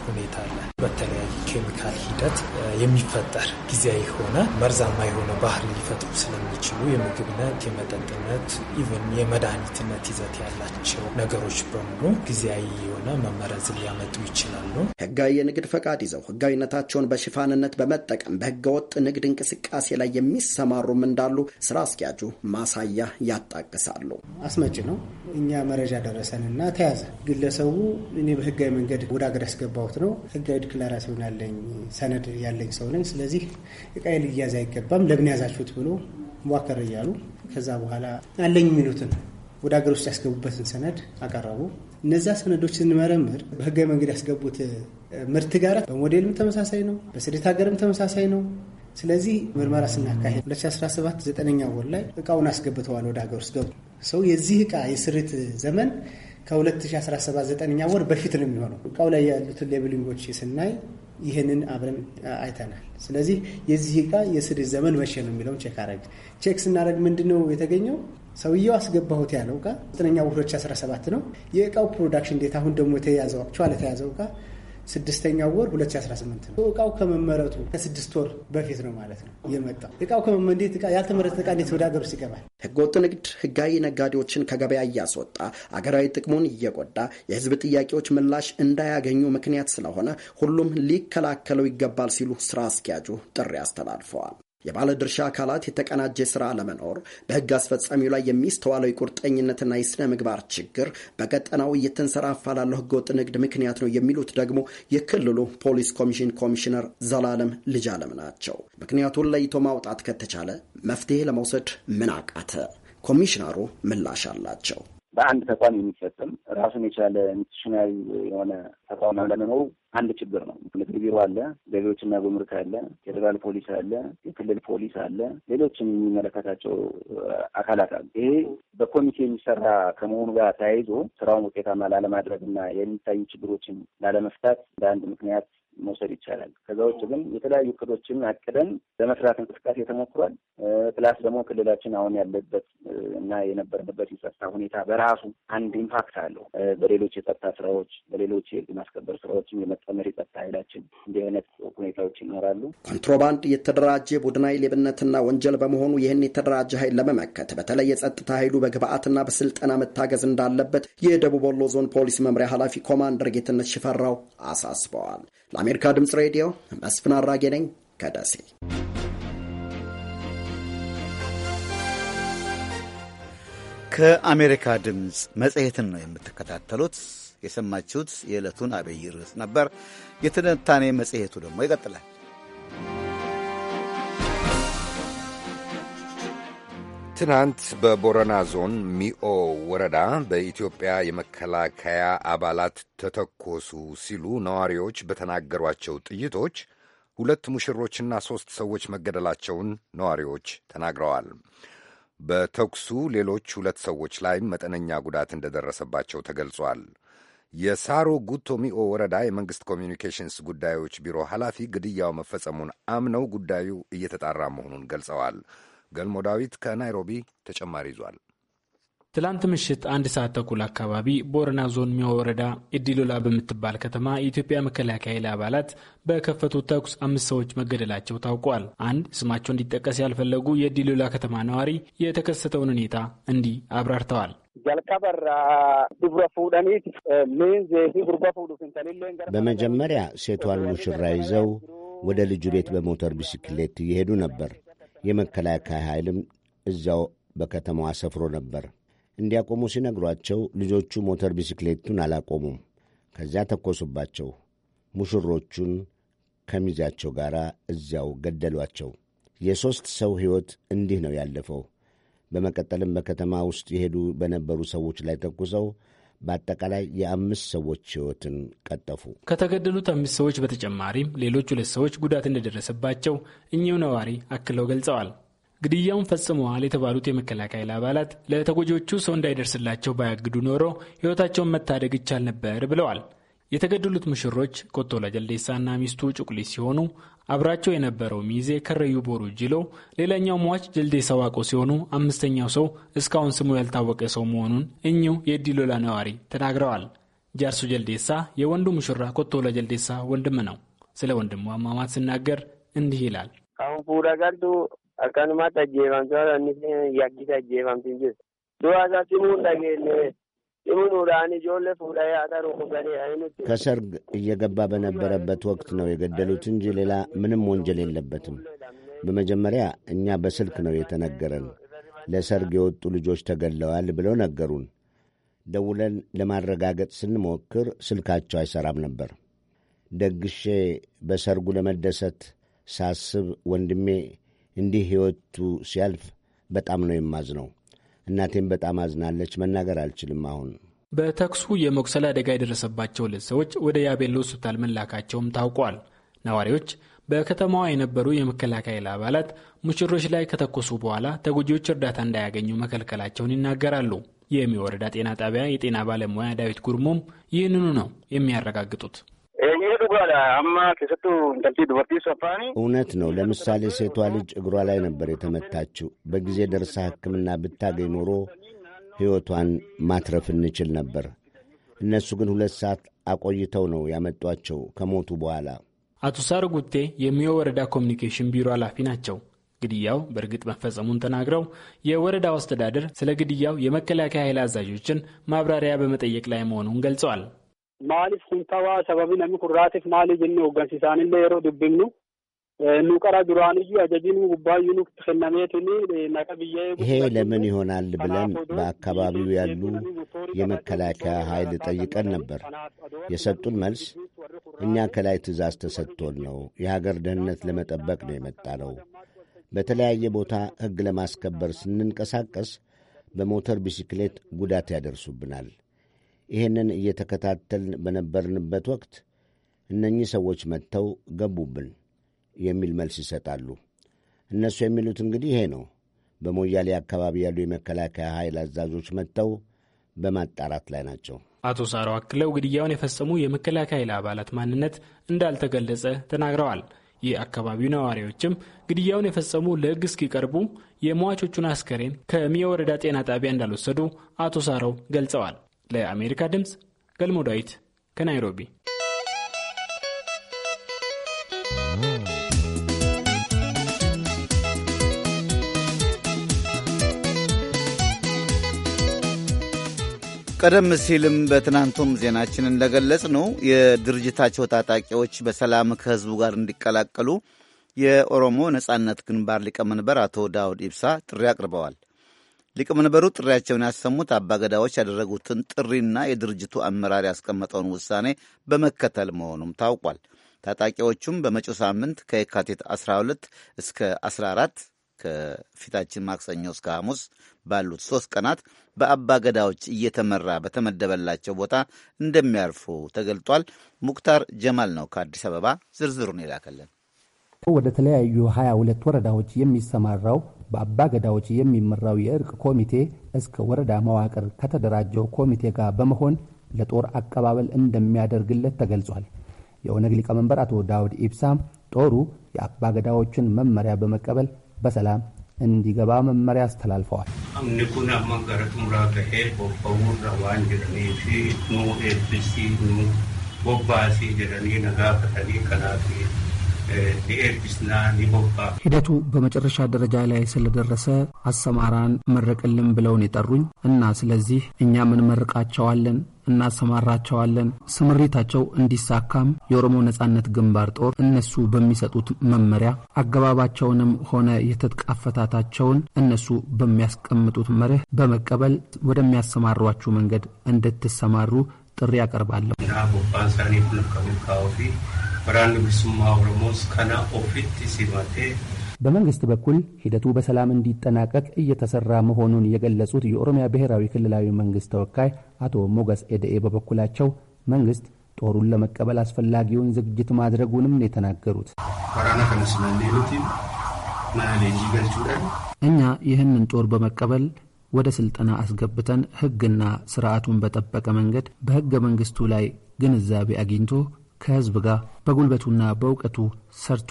ሁኔታ አለ። በተለያዩ ኬሚካል ሂደት የሚፈጠር ጊዜያዊ የሆነ መርዛማ የሆነ ባህር ሊፈጥሩ ስለሚችሉ የምግብነት፣ የመጠጥነት፣ ኢቨን የመድኃኒትነት ይዘት ያላቸው ነገሮች በሙሉ ጊዜያዊ የሆነ መመረዝ ሊያመጡ ይችላሉ። ህጋዊ የንግድ ፈቃድ ይዘው ህጋዊነታቸውን በሽፋንነት በመጠቀም በህገወጥ ንግድ እንቅስቃሴ ላይ የሚሰማሩም እንዳሉ ስራ አስኪያጁ ማሳያ ያጣቅሳሉ። አስመጭ ነው እኛ መረጃ ደረሰንና ተያዘ ግለሰቡ ሰው እኔ በህጋዊ መንገድ ወደ ሀገር ያስገባሁት ነው፣ ህጋዊ ዲክላራሲዮን ያለኝ ሰነድ ያለኝ ሰው ነኝ። ስለዚህ እቃዬ ልያዝ አይገባም፣ ለምን ያዛችሁት ብሎ ሟከር እያሉ ከዛ በኋላ አለኝ የሚሉትን ወደ ሀገር ውስጥ ያስገቡበትን ሰነድ አቀረቡ። እነዛ ሰነዶች ስንመረምር በህጋዊ መንገድ ያስገቡት ምርት ጋር በሞዴልም ተመሳሳይ ነው፣ በስደት ሀገርም ተመሳሳይ ነው። ስለዚህ ምርመራ ስናካሄድ 2017 ዘጠነኛ ወር ላይ እቃውን አስገብተዋል። ወደ ሀገር ውስጥ ገቡ ሰው የዚህ እቃ የስሪት ዘመን ከ2017 ዘጠነኛ ወር በፊት ነው የሚሆነው። እቃው ላይ ያሉትን ሌብሊንጎች ስናይ ይህንን አብረን አይተናል። ስለዚህ የዚህ እቃ የስሪ ዘመን መቼ ነው የሚለውን ቼክ አረግ ቼክ ስናደረግ ምንድን ነው የተገኘው? ሰውየው አስገባሁት ያለው እቃ ዘጠነኛ 2017 ነው። የእቃው ፕሮዳክሽን ዴት አሁን ደግሞ የተያዘው አክቹዋል የተያዘው እቃ ስድስተኛው ወር 2018 ነው። እቃው ከመመረቱ ከስድስት ወር በፊት ነው ማለት ነው የመጣው እቃው ከመመንዴት ያልተመረተ እቃ እንዴት ወደ ሀገር ውስጥ ይገባል? ህገወጥ ንግድ ህጋዊ ነጋዴዎችን ከገበያ እያስወጣ አገራዊ ጥቅሙን እየጎዳ የህዝብ ጥያቄዎች ምላሽ እንዳያገኙ ምክንያት ስለሆነ ሁሉም ሊከላከለው ይገባል ሲሉ ስራ አስኪያጁ ጥሪ አስተላልፈዋል። የባለድርሻ አካላት የተቀናጀ ስራ አለመኖር፣ በህግ አስፈጻሚው ላይ የሚስተዋለው የቁርጠኝነትና የስነ ምግባር ችግር በቀጠናው እየተንሰራፋ ላለው ህገወጥ ንግድ ምክንያት ነው የሚሉት ደግሞ የክልሉ ፖሊስ ኮሚሽን ኮሚሽነር ዘላለም ልጅ አለም ናቸው። ምክንያቱን ለይቶ ማውጣት ከተቻለ መፍትሄ ለመውሰድ ምን አቃተ? ኮሚሽነሩ ምላሽ አላቸው። በአንድ ተቋም የሚፈጽም ራሱን የቻለ ኢንስቲቱሽናል የሆነ ተቋም ለመኖሩ አንድ ችግር ነው። ምክር ቢሮ አለ፣ ገቢዎችና ጉምሩክ አለ፣ ፌዴራል ፖሊስ አለ፣ የክልል ፖሊስ አለ፣ ሌሎችም የሚመለከታቸው አካላት አሉ። ይሄ በኮሚቴ የሚሰራ ከመሆኑ ጋር ተያይዞ ስራውን ውጤታማ ላለማድረግ የሚታዩ ችግሮችን ላለመፍታት በአንድ ምክንያት መውሰድ ይቻላል። ከዛ ውጭ ግን የተለያዩ እቅዶችን አቅደን ለመስራት እንቅስቃሴ ተሞክሯል። ፕላስ ደግሞ ክልላችን አሁን ያለበት እና የነበርንበት የጸጥታ ሁኔታ በራሱ አንድ ኢምፓክት አለው። በሌሎች የጸጥታ ስራዎች፣ በሌሎች የህግ ማስከበር ስራዎችም የመጠመር የጸጥታ ኃይላችን እንዲህ አይነት ሁኔታዎች ይኖራሉ። ኮንትሮባንድ የተደራጀ ቡድናዊ ሌብነትና ወንጀል በመሆኑ ይህን የተደራጀ ኃይል ለመመከት በተለይ የጸጥታ ኃይሉ በግብአትና በስልጠና መታገዝ እንዳለበት የደቡብ ወሎ ዞን ፖሊስ መምሪያ ኃላፊ ኮማንደር ጌትነት ሽፈራው አሳስበዋል። ለአሜሪካ ድምፅ ሬዲዮ መስፍን አራጌ ነኝ ከደሴ። ከአሜሪካ ድምፅ መጽሔትን ነው የምትከታተሉት። የሰማችሁት የዕለቱን አብይ ርዕስ ነበር። የትንታኔ መጽሔቱ ደግሞ ይቀጥላል። ትናንት በቦረና ዞን ሚኦ ወረዳ በኢትዮጵያ የመከላከያ አባላት ተተኮሱ ሲሉ ነዋሪዎች በተናገሯቸው ጥይቶች ሁለት ሙሽሮችና ሦስት ሰዎች መገደላቸውን ነዋሪዎች ተናግረዋል። በተኩሱ ሌሎች ሁለት ሰዎች ላይም መጠነኛ ጉዳት እንደደረሰባቸው ተገልጿል። የሳሮ ጉቶ ሚኦ ወረዳ የመንግሥት ኮሚኒኬሽንስ ጉዳዮች ቢሮ ኃላፊ ግድያው መፈጸሙን አምነው ጉዳዩ እየተጣራ መሆኑን ገልጸዋል። ገልሞ ዳዊት ከናይሮቢ ተጨማሪ ይዟል። ትላንት ምሽት አንድ ሰዓት ተኩል አካባቢ ቦረና ዞን ሚያ ወረዳ ኢዲሎላ በምትባል ከተማ የኢትዮጵያ መከላከያ ኃይል አባላት በከፈቱት ተኩስ አምስት ሰዎች መገደላቸው ታውቋል። አንድ ስማቸው እንዲጠቀስ ያልፈለጉ የኢዲሎላ ከተማ ነዋሪ የተከሰተውን ሁኔታ እንዲህ አብራርተዋል። በመጀመሪያ ሴቷን ሙሽራ ይዘው ወደ ልጁ ቤት በሞተር ቢስክሌት እየሄዱ ነበር። የመከላከያ ኃይልም እዚያው በከተማዋ ሰፍሮ ነበር። እንዲያቆሙ ሲነግሯቸው ልጆቹ ሞተር ቢስክሌቱን አላቆሙም። ከዚያ ተኮሱባቸው። ሙሽሮቹን ከሚዛቸው ጋር እዚያው ገደሏቸው። የሦስት ሰው ሕይወት እንዲህ ነው ያለፈው። በመቀጠልም በከተማ ውስጥ የሄዱ በነበሩ ሰዎች ላይ ተኩሰው በአጠቃላይ የአምስት ሰዎች ሕይወትን ቀጠፉ። ከተገደሉት አምስት ሰዎች በተጨማሪም ሌሎች ሁለት ሰዎች ጉዳት እንደደረሰባቸው እኚሁ ነዋሪ አክለው ገልጸዋል። ግድያውን ፈጽመዋል የተባሉት የመከላከያ አባላት ለተጎጂዎቹ ሰው እንዳይደርስላቸው ባያግዱ ኖሮ ሕይወታቸውን መታደግ ይቻል ነበር ብለዋል። የተገደሉት ሙሽሮች ኮቶላ ጀልዴሳና ሚስቱ ጩቁሊ ሲሆኑ አብራቸው የነበረው ሚዜ ከረዩ ቦሩ ጅሎ፣ ሌላኛው ሟች ጀልዴ ሰዋቆ ሲሆኑ አምስተኛው ሰው እስካሁን ስሙ ያልታወቀ ሰው መሆኑን እኚሁ የዲሎላ ነዋሪ ተናግረዋል። ጃርሱ ጀልዴሳ የወንዱ ሙሽራ ኮቶላ ጀልዴሳ ወንድም ነው። ስለ ወንድሙ አሟሟት ሲናገር እንዲህ ይላል። አሁን ፉራ ቀርቱ አካኑማት አጀባምሰ ያጊት አጀባምስ ዱዋዛ ሲሙ እንዳጌ ከሰርግ እየገባ በነበረበት ወቅት ነው የገደሉት እንጂ ሌላ ምንም ወንጀል የለበትም። በመጀመሪያ እኛ በስልክ ነው የተነገረን። ለሰርግ የወጡ ልጆች ተገለዋል ብለው ነገሩን። ደውለን ለማረጋገጥ ስንሞክር ስልካቸው አይሰራም ነበር። ደግሼ በሰርጉ ለመደሰት ሳስብ ወንድሜ እንዲህ ሕይወቱ ሲያልፍ በጣም ነው የማዝነው። እናቴም በጣም አዝናለች። መናገር አልችልም አሁን በተኩሱ የመቁሰል አደጋ የደረሰባቸው ሁለት ሰዎች ወደ ያቤሎ ሆስፒታል መላካቸውም ታውቋል። ነዋሪዎች በከተማዋ የነበሩ የመከላከያ አባላት ሙሽሮች ላይ ከተኮሱ በኋላ ተጎጂዎች እርዳታ እንዳያገኙ መከልከላቸውን ይናገራሉ። የሚ ወረዳ ጤና ጣቢያ የጤና ባለሙያ ዳዊት ጉርሞም ይህንኑ ነው የሚያረጋግጡት። ይህ አማ ከሰቱ እውነት ነው። ለምሳሌ ሴቷ ልጅ እግሯ ላይ ነበር የተመታችው። በጊዜ ደርሳ ሕክምና ብታገኝ ኖሮ ሕይወቷን ማትረፍ እንችል ነበር። እነሱ ግን ሁለት ሰዓት አቆይተው ነው ያመጧቸው ከሞቱ በኋላ። አቶ ሳር ጉቴ የሚዮ ወረዳ ኮሚኒኬሽን ቢሮ ኃላፊ ናቸው። ግድያው በእርግጥ መፈጸሙን ተናግረው የወረዳው አስተዳደር ስለ ግድያው የመከላከያ ኃይል አዛዦችን ማብራሪያ በመጠየቅ ላይ መሆኑን ገልጸዋል። maaliif kun tawaa sababii namni kurraatiif maali jennee hooggansiisaanillee yeroo dubbifnu nu qara duraaniyyuu ajajiin gubbaa gubbaayyuu nu kennameetini naqa biyyee ይሄ ለምን ይሆናል ብለን በአካባቢው ያሉ የመከላከያ ኃይል ጠይቀን ነበር። የሰጡን መልስ እኛ ከላይ ትዕዛዝ ተሰጥቶን ነው፣ የሀገር ደህንነት ለመጠበቅ ነው የመጣ ነው። በተለያየ ቦታ ሕግ ለማስከበር ስንንቀሳቀስ በሞተር ቢሲክሌት ጉዳት ያደርሱብናል። ይህንን እየተከታተልን በነበርንበት ወቅት እነኚህ ሰዎች መጥተው ገቡብን የሚል መልስ ይሰጣሉ። እነሱ የሚሉት እንግዲህ ይሄ ነው። በሞያሌ አካባቢ ያሉ የመከላከያ ኃይል አዛዦች መጥተው በማጣራት ላይ ናቸው። አቶ ሳሮ አክለው ግድያውን የፈጸሙ የመከላከያ ኃይል አባላት ማንነት እንዳልተገለጸ ተናግረዋል። የአካባቢው ነዋሪዎችም ግድያውን የፈጸሙ ለሕግ እስኪቀርቡ የሟቾቹን አስከሬን ከሚወረዳ ጤና ጣቢያ እንዳልወሰዱ አቶ ሳረው ገልጸዋል። ለአሜሪካ ድምፅ ገልሞ ዳዊት ከናይሮቢ። ቀደም ሲልም በትናንቱም ዜናችን እንደገለጽ ነው የድርጅታቸው ታጣቂዎች በሰላም ከህዝቡ ጋር እንዲቀላቀሉ የኦሮሞ ነጻነት ግንባር ሊቀመንበር አቶ ዳውድ ኢብሳ ጥሪ አቅርበዋል። ሊቀመንበሩ ጥሪያቸውን ያሰሙት አባገዳዎች ያደረጉትን ጥሪና የድርጅቱ አመራር ያስቀመጠውን ውሳኔ በመከተል መሆኑም ታውቋል። ታጣቂዎቹም በመጪው ሳምንት ከየካቲት 12 እስከ 14 ከፊታችን ማክሰኞ እስከ ሐሙስ ባሉት ሦስት ቀናት በአባ ገዳዎች እየተመራ በተመደበላቸው ቦታ እንደሚያርፉ ተገልጧል። ሙክታር ጀማል ነው ከአዲስ አበባ ዝርዝሩን ይላከልን። ወደ ተለያዩ 22 ወረዳዎች የሚሰማራው በአባ ገዳዎች የሚመራው የእርቅ ኮሚቴ እስከ ወረዳ መዋቅር ከተደራጀው ኮሚቴ ጋር በመሆን ለጦር አቀባበል እንደሚያደርግለት ተገልጿል። የኦነግ ሊቀመንበር አቶ ዳውድ ኢብሳም ጦሩ የአባ ገዳዎችን መመሪያ በመቀበል በሰላም እንዲገባ መመሪያ አስተላልፈዋል። ሂደቱ በመጨረሻ ደረጃ ላይ ስለደረሰ አሰማራን መረቅልን ብለውን የጠሩኝ እና ስለዚህ እኛም እንመርቃቸዋለን እናሰማራቸዋለን። ስምሪታቸው እንዲሳካም የኦሮሞ ነጻነት ግንባር ጦር እነሱ በሚሰጡት መመሪያ አገባባቸውንም ሆነ የትጥቅ አፈታታቸውን እነሱ በሚያስቀምጡት መርህ በመቀበል ወደሚያሰማሯችሁ መንገድ እንድትሰማሩ ጥሪ ያቀርባለሁ። በራን ብሱማ ኦሮሞስ ከና ኦፊት ሲባቴ በመንግስት በኩል ሂደቱ በሰላም እንዲጠናቀቅ እየተሰራ መሆኑን የገለጹት የኦሮሚያ ብሔራዊ ክልላዊ መንግስት ተወካይ አቶ ሞገስ ኤደኤ በበኩላቸው መንግስት ጦሩን ለመቀበል አስፈላጊውን ዝግጅት ማድረጉንም የተናገሩት። እኛ ይህንን ጦር በመቀበል ወደ ስልጠና አስገብተን ህግና ስርዓቱን በጠበቀ መንገድ በህገ መንግስቱ ላይ ግንዛቤ አግኝቶ ከህዝብ ጋር በጉልበቱና በእውቀቱ ሰርቶ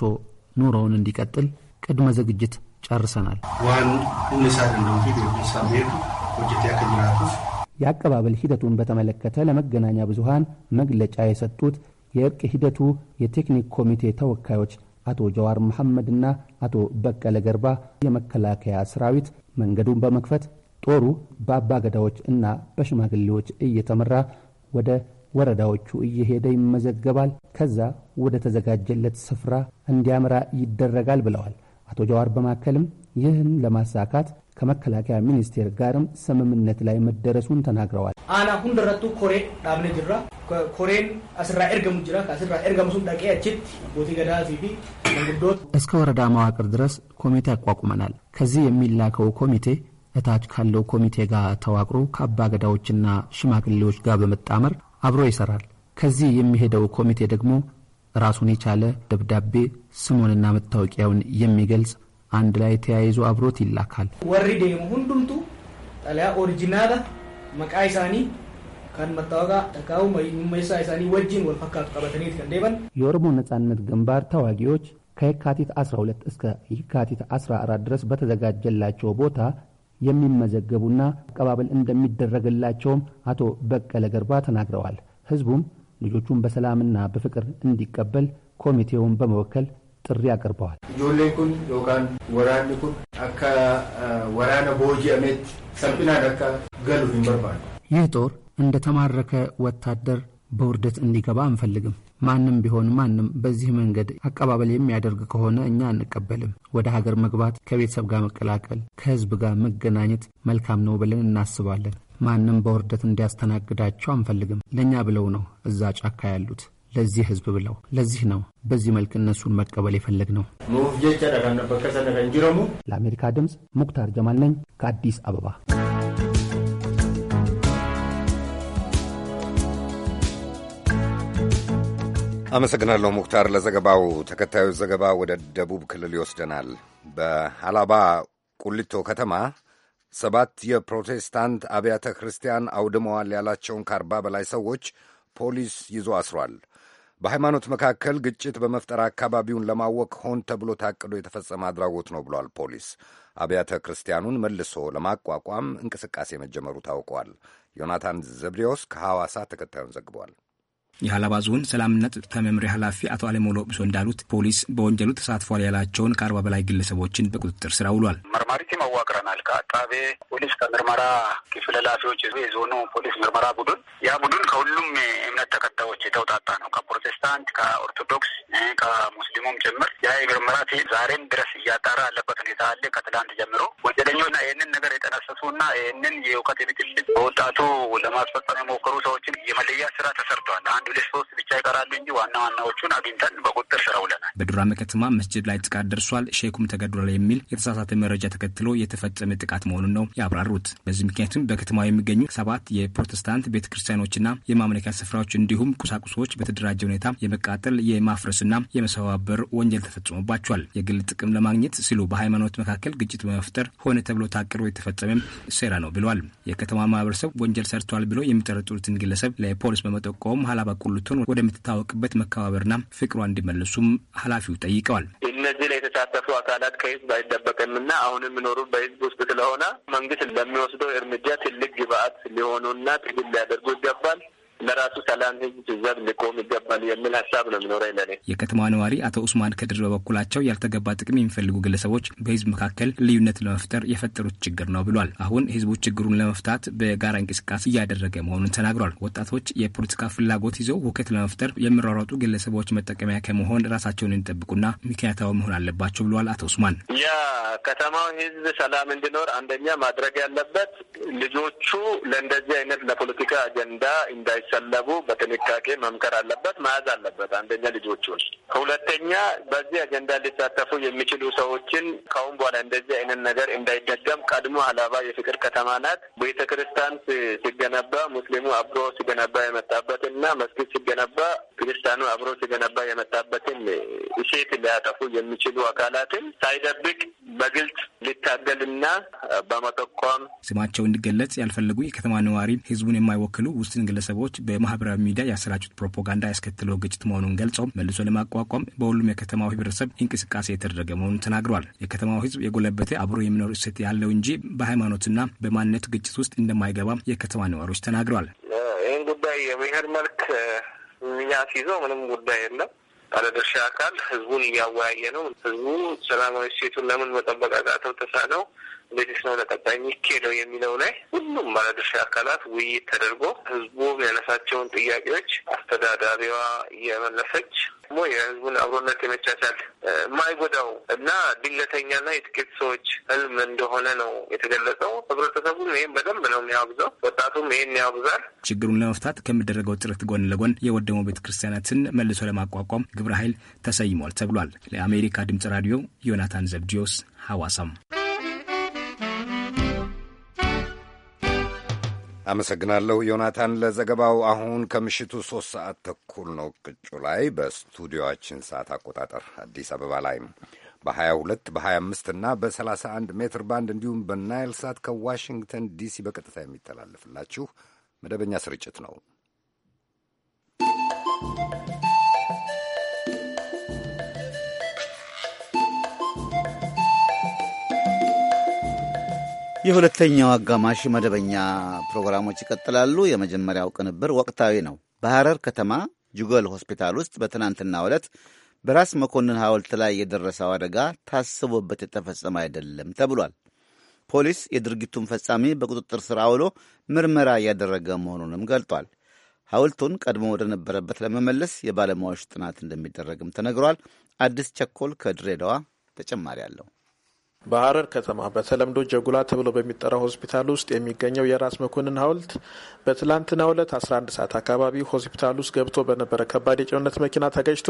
ኑሮውን እንዲቀጥል ቅድመ ዝግጅት ጨርሰናል። የአቀባበል ሂደቱን በተመለከተ ለመገናኛ ብዙሃን መግለጫ የሰጡት የእርቅ ሂደቱ የቴክኒክ ኮሚቴ ተወካዮች አቶ ጀዋር መሐመድና አቶ በቀለ ገርባ የመከላከያ ሰራዊት መንገዱን በመክፈት ጦሩ በአባገዳዎች እና በሽማግሌዎች እየተመራ ወደ ወረዳዎቹ እየሄደ ይመዘገባል። ከዛ ወደ ተዘጋጀለት ስፍራ እንዲያመራ ይደረጋል ብለዋል አቶ ጀዋር። በማከልም ይህን ለማሳካት ከመከላከያ ሚኒስቴር ጋርም ስምምነት ላይ መደረሱን ተናግረዋል። አና ሁንደረቱ ኮሬ ዳብነ ጅራ ኮሬን አስራ ኤርገሙ ጅራ ከአስራ ኤርገሙሱም ዳቄ ቦቲ ገዳ ሲቢ መንጉዶት እስከ ወረዳ መዋቅር ድረስ ኮሚቴ አቋቁመናል። ከዚህ የሚላከው ኮሚቴ እታች ካለው ኮሚቴ ጋር ተዋቅሮ ከአባገዳዎችና ሽማግሌዎች ጋር በመጣመር አብሮ ይሰራል። ከዚህ የሚሄደው ኮሚቴ ደግሞ ራሱን የቻለ ደብዳቤ ስሙንና መታወቂያውን የሚገልጽ አንድ ላይ ተያይዞ አብሮት ይላካል። ወሪ ደሙ ሁንዱምቱ ጠለያ ኦሪጂናላ መቃ ይሳኒ ካን መታወቃ ተካው መይሳ ይሳኒ ወጅን ወልፈካቱ ቀበተኔት ከንዴበን የኦሮሞ ነጻነት ግንባር ተዋጊዎች ከየካቲት 12 እስከ የካቲት 14 ድረስ በተዘጋጀላቸው ቦታ የሚመዘገቡና አቀባበል እንደሚደረግላቸውም አቶ በቀለ ገርባ ተናግረዋል። ህዝቡም ልጆቹን በሰላምና በፍቅር እንዲቀበል ኮሚቴውን በመወከል ጥሪ አቅርበዋል። ijoolleen kun yookaan waraanni kun akka waraana booji'ametti salphinaan akka galu ይህ ጦር እንደተማረከ ወታደር በውርደት እንዲገባ አንፈልግም። ማንም ቢሆን ማንም በዚህ መንገድ አቀባበል የሚያደርግ ከሆነ እኛ አንቀበልም። ወደ ሀገር መግባት፣ ከቤተሰብ ጋር መቀላቀል፣ ከህዝብ ጋር መገናኘት መልካም ነው ብለን እናስባለን። ማንም በውርደት እንዲያስተናግዳቸው አንፈልግም። ለእኛ ብለው ነው እዛ ጫካ ያሉት፣ ለዚህ ህዝብ ብለው። ለዚህ ነው በዚህ መልክ እነሱን መቀበል የፈለግ ነው። ለአሜሪካ ድምፅ ሙክታር ጀማል ነኝ ከአዲስ አበባ። አመሰግናለሁ ሙክታር ለዘገባው። ተከታዩ ዘገባ ወደ ደቡብ ክልል ይወስደናል። በአላባ ቁሊቶ ከተማ ሰባት የፕሮቴስታንት አብያተ ክርስቲያን አውድመዋል ያላቸውን ከአርባ በላይ ሰዎች ፖሊስ ይዞ አስሯል። በሃይማኖት መካከል ግጭት በመፍጠር አካባቢውን ለማወክ ሆን ተብሎ ታቅዶ የተፈጸመ አድራጎት ነው ብሏል ፖሊስ። አብያተ ክርስቲያኑን መልሶ ለማቋቋም እንቅስቃሴ መጀመሩ ታውቋል። ዮናታን ዘብዴዎስ ከሐዋሳ ተከታዩን ዘግቧል። የሀላባ ዞን ሰላምና ጸጥታ ኃላፊ አቶ አለሞሎ ብሶ እንዳሉት ፖሊስ በወንጀሉ ተሳትፏል ያላቸውን ከአርባ በላይ ግለሰቦችን በቁጥጥር ስር አውሏል። መርማሪ ቲም አዋቅረናል። ከአቃቤ ፖሊስ ከምርመራ ክፍል ኃላፊዎች የዞኑ ፖሊስ ምርመራ ቡድን ያ ቡድን ከሁሉም እምነት ተከታዮች የተውጣጣ ነው። ከፕሮቴስታንት፣ ከኦርቶዶክስ፣ ከሙስሊሙም ጭምር ያ የምርመራ ዛሬም ድረስ እያጣራ ያለበት ሁኔታ አለ። ከትላንት ጀምሮ ወንጀለኞና ይህንን ነገር የጠነሰሱና ይህንን የእውቀት ብጥልቅ በወጣቱ ለማስፈጸም የሞከሩ ሰዎችን የመለያ ስራ ተሰርቷል። አንድ ሁለት ሶስት ብቻ ይቀራሉ እንጂ ዋና ዋናዎቹን አግኝተን በቁጥር ስራ ውለናል። በዱራሜ ከተማ መስጅድ ላይ ጥቃት ደርሷል፣ ሼኩም ተገድሏል የሚል የተሳሳተ መረጃ ተከትሎ የተፈጸመ ጥቃት መሆኑን ነው ያብራሩት። በዚህ ምክንያቱም በከተማው የሚገኙ ሰባት የፕሮቴስታንት ቤተ ክርስቲያኖችና የማምለኪያ ስፍራዎች እንዲሁም ቁሳቁሶች በተደራጀ ሁኔታ የመቃጠል የማፍረስና የመሰባበር ወንጀል ተፈጽሞባቸዋል። የግል ጥቅም ለማግኘት ሲሉ በሃይማኖት መካከል ግጭት በመፍጠር ሆነ ተብሎ ታቅዶ የተፈጸመም ሴራ ነው ብለዋል። የከተማ ማህበረሰብ ወንጀል ሰርተዋል ብሎ የሚጠረጥሩትን ግለሰብ ለፖሊስ በመጠቆም ሀላባ ቁልቱን ወደምትታወቅበት መከባበርና ፍቅሯ እንዲመልሱም ኃላፊው ጠይቀዋል። እነዚህ ላይ የተሳተፉ አካላት ከህዝብ አይደበቅምና አሁን የሚኖሩ በህዝብ ውስጥ ስለሆነ መንግስት ለሚወስደው እርምጃ ትልቅ ግብአት ሊሆኑና ትግል ሊያደርጉ ይገባል። ለራሱ ሰላም ህዝብ ዘብ ሊቆም ይገባል የሚል ሀሳብ ነው የሚኖረኝ ለኔ። የከተማ ነዋሪ አቶ ኡስማን ከድር በበኩላቸው ያልተገባ ጥቅም የሚፈልጉ ግለሰቦች በህዝብ መካከል ልዩነት ለመፍጠር የፈጠሩት ችግር ነው ብሏል። አሁን ህዝቡ ችግሩን ለመፍታት በጋራ እንቅስቃሴ እያደረገ መሆኑን ተናግሯል። ወጣቶች የፖለቲካ ፍላጎት ይዘው ውከት ለመፍጠር የሚሯሯጡ ግለሰቦች መጠቀሚያ ከመሆን ራሳቸውን እንጠብቁና ምክንያታዊ መሆን አለባቸው ብሏል። አቶ ኡስማን። ከተማው ህዝብ ሰላም እንዲኖር አንደኛ ማድረግ ያለበት ልጆቹ ለእንደዚህ አይነት ለፖለቲካ አጀንዳ እንዳይ እንዳይሰለቡ በጥንቃቄ መምከር አለበት፣ መያዝ አለበት። አንደኛ ልጆቹን፣ ሁለተኛ በዚህ አጀንዳ ሊሳተፉ የሚችሉ ሰዎችን ካሁን በኋላ እንደዚህ አይነት ነገር እንዳይደገም። ቀድሞ ሀላባ የፍቅር ከተማ ናት። ቤተ ክርስቲያን ሲገነባ ሙስሊሙ አብሮ ሲገነባ የመጣበት እና መስጊድ ሲገነባ ክርስቲያኑ አብሮ ሲገነባ የመጣበትን እሴት ሊያጠፉ የሚችሉ አካላትን ሳይደብቅ በግልጽ ሊታገልና በመጠቋም ስማቸው እንዲገለጽ ያልፈለጉ የከተማ ነዋሪ ህዝቡን የማይወክሉ ውስን ግለሰቦች በማህበራዊ ሚዲያ ያሰራጩት ፕሮፓጋንዳ ያስከትለው ግጭት መሆኑን ገልጸው መልሶ ለማቋቋም በሁሉም የከተማው ህብረተሰብ እንቅስቃሴ የተደረገ መሆኑን ተናግረዋል። የከተማው ህዝብ የጎለበተ አብሮ የሚኖር እሴት ያለው እንጂ በሃይማኖትና በማንነት ግጭት ውስጥ እንደማይገባ የከተማ ነዋሪዎች ተናግረዋል። ይህን ጉዳይ የብሔር መልክ እኛ ሲይዘው ምንም ጉዳይ የለም ባለድርሻ አካል ህዝቡን እያወያየ ነው። ህዝቡ ሰላማዊ ሴቱን ለምን መጠበቅ አቃተው ተሳነው በዚህ ነው ለቀጣይ የሚካሄደው የሚለው ላይ ሁሉም ባለድርሻ አካላት ውይይት ተደርጎ ህዝቡ የሚያነሳቸውን ጥያቄዎች አስተዳዳሪዋ እየመለሰች ደግሞ የህዝቡን አብሮነት የመቻቻል ማይጎዳው እና ድለተኛና የጥቂት ሰዎች ህልም እንደሆነ ነው የተገለጸው። ህብረተሰቡ ይህም በደንብ ነው የሚያወግዘው፣ ወጣቱም ይህን ያወግዛል። ችግሩን ለመፍታት ከሚደረገው ጥረት ጎን ለጎን የወደሙ ቤተ ክርስቲያናትን መልሶ ለማቋቋም ግብረ ኃይል ተሰይሟል ተብሏል። ለአሜሪካ ድምጽ ራዲዮ ዮናታን ዘብድዮስ ሐዋሳም አመሰግናለሁ ዮናታን ለዘገባው። አሁን ከምሽቱ ሶስት ሰዓት ተኩል ነው ቅጩ ላይ በስቱዲዮችን ሰዓት አቆጣጠር አዲስ አበባ ላይ በ22 በ25 እና በ31 ሜትር ባንድ እንዲሁም በናይል ሳት ከዋሽንግተን ዲሲ በቀጥታ የሚተላለፍላችሁ መደበኛ ስርጭት ነው። የሁለተኛው አጋማሽ መደበኛ ፕሮግራሞች ይቀጥላሉ። የመጀመሪያው ቅንብር ወቅታዊ ነው። በሐረር ከተማ ጁጎል ሆስፒታል ውስጥ በትናንትና ዕለት በራስ መኮንን ሐውልት ላይ የደረሰው አደጋ ታስቦበት የተፈጸመ አይደለም ተብሏል። ፖሊስ የድርጊቱን ፈጻሚ በቁጥጥር ስር አውሎ ምርመራ እያደረገ መሆኑንም ገልጧል። ሐውልቱን ቀድሞ ወደ ነበረበት ለመመለስ የባለሙያዎች ጥናት እንደሚደረግም ተነግሯል። አዲስ ቸኮል ከድሬዳዋ ተጨማሪ አለው። በሀረር ከተማ በተለምዶ ጀጉላ ተብሎ በሚጠራው ሆስፒታል ውስጥ የሚገኘው የራስ መኮንን ሐውልት በትላንትናው ዕለት 11 ሰዓት አካባቢ ሆስፒታል ውስጥ ገብቶ በነበረ ከባድ የጭነት መኪና ተገጭቶ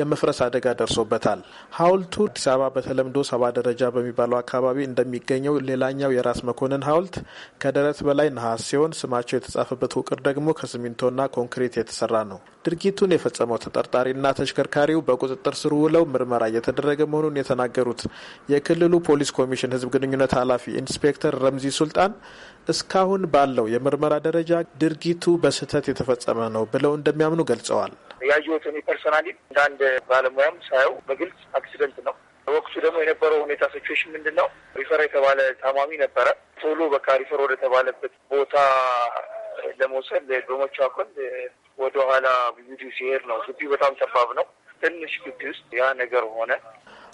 የመፍረስ አደጋ ደርሶበታል። ሐውልቱ አዲስ አበባ በተለምዶ ሰባ ደረጃ በሚባለው አካባቢ እንደሚገኘው ሌላኛው የራስ መኮንን ሐውልት ከደረት በላይ ነሐስ ሲሆን ስማቸው የተጻፈበት ውቅር ደግሞ ከሲሚንቶና ኮንክሪት የተሰራ ነው። ድርጊቱን የፈጸመው ተጠርጣሪና ተሽከርካሪው በቁጥጥር ስር ውለው ምርመራ እየተደረገ መሆኑን የተናገሩት የክልሉ ፖሊስ ኮሚሽን ህዝብ ግንኙነት ኃላፊ ኢንስፔክተር ረምዚ ሱልጣን እስካሁን ባለው የምርመራ ደረጃ ድርጊቱ በስህተት የተፈጸመ ነው ብለው እንደሚያምኑ ገልጸዋል። ያየሁት እኔ ፐርሰናሊ እንደ አንድ ባለሙያም ሳየው በግልጽ አክሲደንት ነው። ወቅቱ ደግሞ የነበረው ሁኔታ ሲቹዌሽን ምንድን ነው? ሪፈር የተባለ ታማሚ ነበረ። ቶሎ በቃ ሪፈር ወደ ተባለበት ቦታ ለመውሰድ በመቻኮል ወደኋላ ብዙ ሲሄድ ነው። ግቢው በጣም ጠባብ ነው። ትንሽ ግቢ ውስጥ ያ ነገር ሆነ።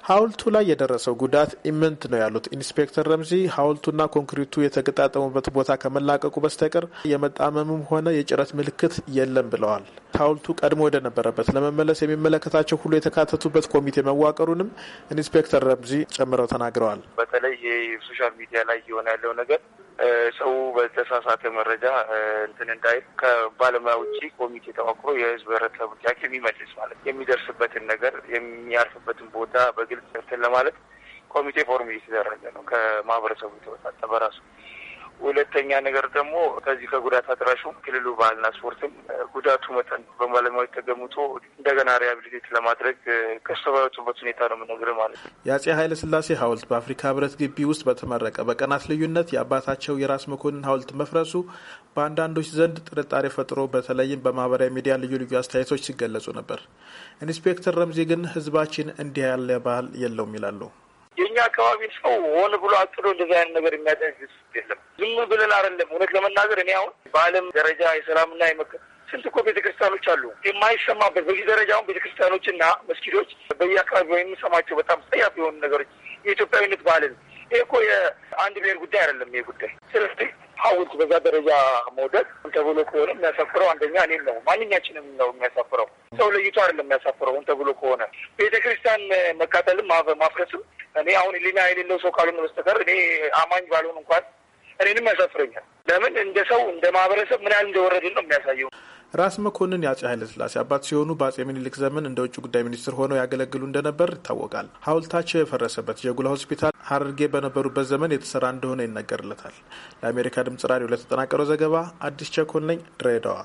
ሐውልቱ ላይ የደረሰው ጉዳት ኢምንት ነው ያሉት ኢንስፔክተር ረምዚ ሐውልቱና ኮንክሪቱ የተገጣጠሙበት ቦታ ከመላቀቁ በስተቀር የመጣመምም ሆነ የጭረት ምልክት የለም ብለዋል። ሐውልቱ ቀድሞ ወደነበረበት ለመመለስ የሚመለከታቸው ሁሉ የተካተቱበት ኮሚቴ መዋቀሩንም ኢንስፔክተር ረምዚ ጨምረው ተናግረዋል። በተለይ ሶሻል ሚዲያ ላይ እየሆነ ያለው ነገር ሰው በተሳሳተ መረጃ እንትን እንዳይ ከባለሙያ ውጭ ኮሚቴ ተዋቅሮ የህዝብ ህብረተሰቡ ጥያቄ የሚመልስ ማለት የሚደርስበትን ነገር የሚያርፍበትን ቦታ በግልጽ እንትን ለማለት ኮሚቴ ፎርም እየተደረገ ነው። ከማህበረሰቡ የተወጣጠ በራሱ ሁለተኛ ነገር ደግሞ ከዚህ ከጉዳት አድራሹ ክልሉ ባህልና ስፖርትም ጉዳቱ መጠን በባለሙያዎች ተገምቶ እንደገና ሪሃብሊቴት ለማድረግ ከስተባወጡበት ሁኔታ ነው የምነግርህ ማለት ነው። የአጼ ኃይለ ስላሴ ሐውልት በአፍሪካ ህብረት ግቢ ውስጥ በተመረቀ በቀናት ልዩነት የአባታቸው የራስ መኮንን ሐውልት መፍረሱ በአንዳንዶች ዘንድ ጥርጣሬ ፈጥሮ በተለይም በማህበራዊ ሚዲያ ልዩ ልዩ አስተያየቶች ሲገለጹ ነበር። ኢንስፔክተር ረምዚ ግን ህዝባችን እንዲህ ያለ ባህል የለውም ይላሉ። የእኛ አካባቢ ሰው ሆን ብሎ አቅዶ እንደዚህ አይነት ነገር የሚያደርግ የለም። ዝም ብለን አይደለም። እውነት ለመናገር እኔ አሁን በዓለም ደረጃ የሰላምና የመከ ስንት እኮ ቤተክርስቲያኖች አሉ የማይሰማበት በዚህ ደረጃ አሁን ቤተክርስቲያኖችና መስጊዶች በየአካባቢ የምንሰማቸው በጣም ጸያፍ የሆኑ ነገሮች የኢትዮጵያዊነት ባህልን ይህ እኮ የአንድ ብሔር ጉዳይ አይደለም። ይህ ጉዳይ ስለዚህ ሐውልት በዛ ደረጃ መውደቅ ተብሎ ከሆነ የሚያሳፍረው አንደኛ እኔም ነው ማንኛችንም ነው የሚያሳፍረው። ሰው ለይቶ አይደለም የሚያሳፍረው ተብሎ ከሆነ ቤተ ክርስቲያን መቃጠልም ማፍረስም እኔ አሁን ሕሊና የሌለው ሰው ካልሆነ በስተቀር እኔ አማኝ ባልሆን እንኳን እኔንም ያሳፍረኛል። ለምን እንደ ሰው እንደ ማህበረሰብ ምን ያህል እንደወረድን ነው የሚያሳየው። ራስ መኮንን የአጼ ኃይለስላሴ አባት ሲሆኑ በአጼ ምኒልክ ዘመን እንደ ውጭ ጉዳይ ሚኒስትር ሆነው ያገለግሉ እንደነበር ይታወቃል። ሐውልታቸው የፈረሰበት ጀጉላ ሆስፒታል ሀረርጌ በነበሩበት ዘመን የተሰራ እንደሆነ ይነገርለታል። ለአሜሪካ ድምጽ ራዲዮ ለተጠናቀረው ዘገባ አዲስ ቸኮን ነኝ ድሬዳዋ።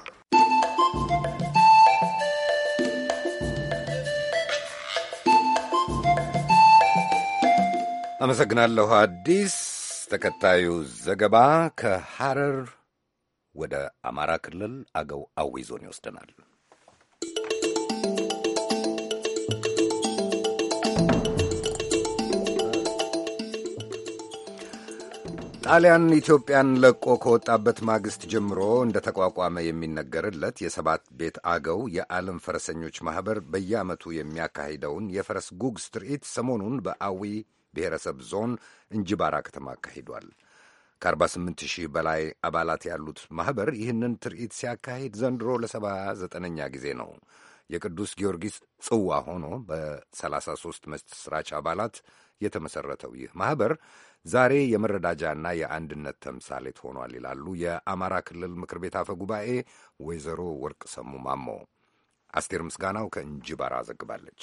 አመሰግናለሁ አዲስ። ተከታዩ ዘገባ ከሐረር ወደ አማራ ክልል አገው አዊ ዞን ይወስደናል። ጣሊያን ኢትዮጵያን ለቆ ከወጣበት ማግስት ጀምሮ እንደ ተቋቋመ የሚነገርለት የሰባት ቤት አገው የዓለም ፈረሰኞች ማኅበር በየዓመቱ የሚያካሂደውን የፈረስ ጉግስ ትርኢት ሰሞኑን በአዊ ብሔረሰብ ዞን እንጅባራ ከተማ አካሂዷል። ከ48 ሺህ በላይ አባላት ያሉት ማኅበር ይህንን ትርኢት ሲያካሂድ ዘንድሮ ለ 79 ዘጠነኛ ጊዜ ነው። የቅዱስ ጊዮርጊስ ጽዋ ሆኖ በ33 መስራች አባላት የተመሠረተው ይህ ማኅበር ዛሬ የመረዳጃና የአንድነት ተምሳሌት ሆኗል ይላሉ የአማራ ክልል ምክር ቤት አፈ ጉባኤ ወይዘሮ ወርቅ ሰሙ ማሞ። አስቴር ምስጋናው ከእንጅባራ ዘግባለች።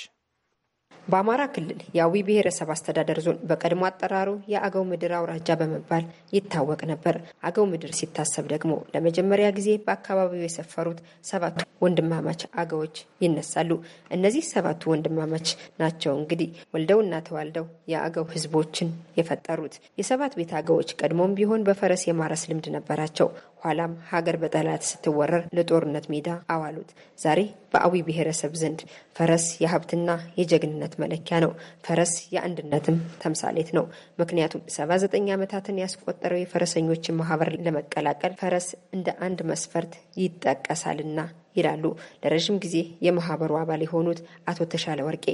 በአማራ ክልል የአዊ ብሔረሰብ አስተዳደር ዞን በቀድሞ አጠራሩ የአገው ምድር አውራጃ በመባል ይታወቅ ነበር። አገው ምድር ሲታሰብ ደግሞ ለመጀመሪያ ጊዜ በአካባቢው የሰፈሩት ሰባቱ ወንድማማች አገዎች ይነሳሉ። እነዚህ ሰባቱ ወንድማማች ናቸው እንግዲህ ወልደውና ተዋልደው የአገው ህዝቦችን የፈጠሩት የሰባት ቤት አገዎች ቀድሞም ቢሆን በፈረስ የማረስ ልምድ ነበራቸው። ኋላም ሀገር በጠላት ስትወረር ለጦርነት ሜዳ አዋሉት። ዛሬ በአዊ ብሔረሰብ ዘንድ ፈረስ የሀብትና የጀግንነት መለኪያ ነው። ፈረስ የአንድነትም ተምሳሌት ነው። ምክንያቱም ዘጠኝ ዓመታትን ያስቆጠረው የፈረሰኞችን ማህበር ለመቀላቀል ፈረስ እንደ አንድ መስፈርት ይጠቀሳልና ይላሉ ለረዥም ጊዜ የማህበሩ አባል የሆኑት አቶ ተሻለ ወርቄ።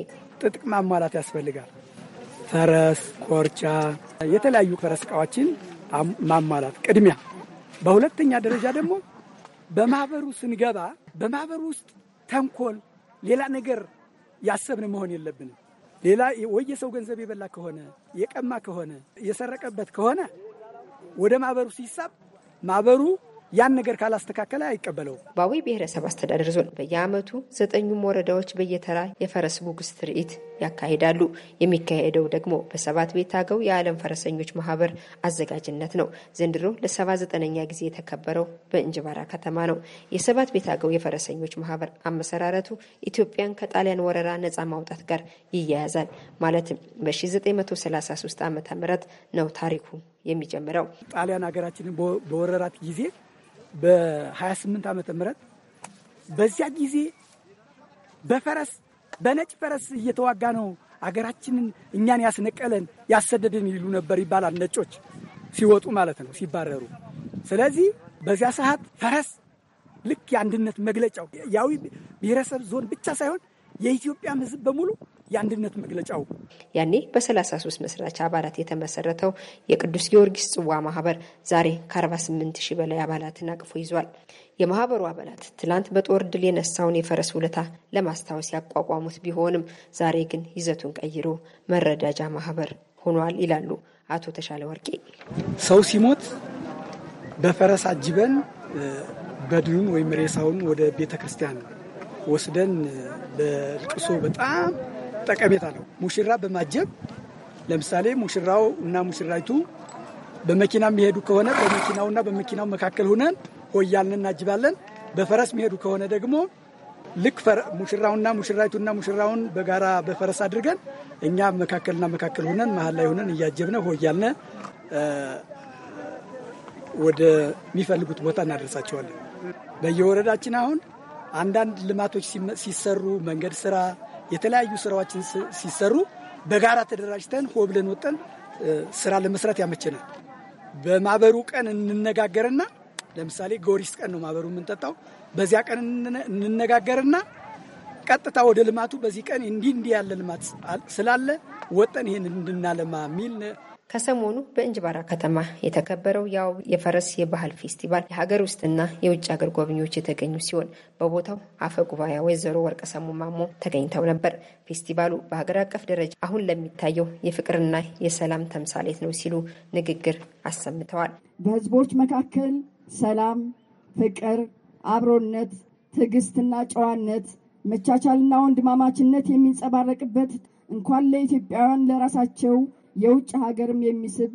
ጥጥቅ ማሟላት ያስፈልጋል። ፈረስ፣ ኮርቻ፣ የተለያዩ ፈረስ እቃዎችን ማሟላት ቅድሚያ በሁለተኛ ደረጃ ደግሞ በማህበሩ ስንገባ በማህበሩ ውስጥ ተንኮል፣ ሌላ ነገር ያሰብን መሆን የለብንም። ሌላ ወይ የሰው ገንዘብ የበላ ከሆነ የቀማ ከሆነ የሰረቀበት ከሆነ ወደ ማህበሩ ሲሳብ ማህበሩ ያን ነገር ካላስተካከለ አይቀበለውም። በአዊ ብሔረሰብ አስተዳደር ዞን በየአመቱ ዘጠኙም ወረዳዎች በየተራ የፈረስ ጉግስ ትርኢት ያካሂዳሉ። የሚካሄደው ደግሞ በሰባት ቤት አገው የዓለም ፈረሰኞች ማህበር አዘጋጅነት ነው። ዘንድሮ ለሰባ ዘጠነኛ ጊዜ የተከበረው በእንጅባራ ከተማ ነው። የሰባት ቤት አገው የፈረሰኞች ማህበር አመሰራረቱ ኢትዮጵያን ከጣሊያን ወረራ ነጻ ማውጣት ጋር ይያያዛል። ማለትም በ1933 ዓ ም ነው ታሪኩ የሚጀምረው ጣሊያን ሀገራችንን በወረራት ጊዜ በ28 ዓመተ ምህረት በዚያ ጊዜ በፈረስ በነጭ ፈረስ እየተዋጋ ነው አገራችንን እኛን ያስነቀለን ያሰደደን ይሉ ነበር ይባላል። ነጮች ሲወጡ ማለት ነው ሲባረሩ። ስለዚህ በዚያ ሰዓት ፈረስ ልክ የአንድነት መግለጫው ያዊ ብሔረሰብ ዞን ብቻ ሳይሆን የኢትዮጵያም ሕዝብ በሙሉ የአንድነት መግለጫው። ያኔ በ33 መስራች አባላት የተመሰረተው የቅዱስ ጊዮርጊስ ጽዋ ማህበር ዛሬ ከ48 ሺህ በላይ አባላትን አቅፎ ይዟል። የማህበሩ አባላት ትላንት በጦር ድል የነሳውን የፈረስ ውለታ ለማስታወስ ያቋቋሙት ቢሆንም ዛሬ ግን ይዘቱን ቀይሮ መረዳጃ ማህበር ሆኗል ይላሉ አቶ ተሻለ ወርቄ። ሰው ሲሞት በፈረስ አጅበን በድኑን ወይም ሬሳውን ወደ ቤተ ክርስቲያን ወስደን በልቅሶ በጣም ጠቀሜታ ነው። ሙሽራ በማጀብ ለምሳሌ ሙሽራው እና ሙሽራይቱ በመኪና የሚሄዱ ከሆነ በመኪናውና በመኪናው መካከል ሆነን ሆያልን እናጅባለን። በፈረስ የሚሄዱ ከሆነ ደግሞ ልክ ሙሽራውና ሙሽራይቱና ሙሽራውን በጋራ በፈረስ አድርገን እኛ መካከልና መካከል ሆነን መሀል ላይ ሆነን እያጀብነ ሆያልነ ወደሚፈልጉት ቦታ እናደርሳቸዋለን። በየወረዳችን አሁን አንዳንድ ልማቶች ሲሰሩ መንገድ ስራ የተለያዩ ስራዎችን ሲሰሩ በጋራ ተደራጅተን ሆ ብለን ወጠን ስራ ለመስራት ያመቸናል። በማህበሩ ቀን እንነጋገርና ለምሳሌ ጎሪስ ቀን ነው ማህበሩ የምንጠጣው። በዚያ ቀን እንነጋገርና ቀጥታ ወደ ልማቱ በዚህ ቀን እንዲህ እንዲህ ያለ ልማት ስላለ ወጠን ይህን እንድናለማ የሚል ከሰሞኑ በእንጅባራ ከተማ የተከበረው ያው የፈረስ የባህል ፌስቲቫል የሀገር ውስጥና የውጭ ሀገር ጎብኚዎች የተገኙ ሲሆን በቦታው አፈ ጉባኤ ወይዘሮ ወርቀ ሰሙ ማሞ ተገኝተው ነበር። ፌስቲቫሉ በሀገር አቀፍ ደረጃ አሁን ለሚታየው የፍቅርና የሰላም ተምሳሌት ነው ሲሉ ንግግር አሰምተዋል። በህዝቦች መካከል ሰላም፣ ፍቅር፣ አብሮነት፣ ትዕግስትና ጨዋነት፣ መቻቻልና ወንድማማችነት የሚንጸባረቅበት እንኳን ለኢትዮጵያውያን ለራሳቸው የውጭ ሀገርም የሚስብ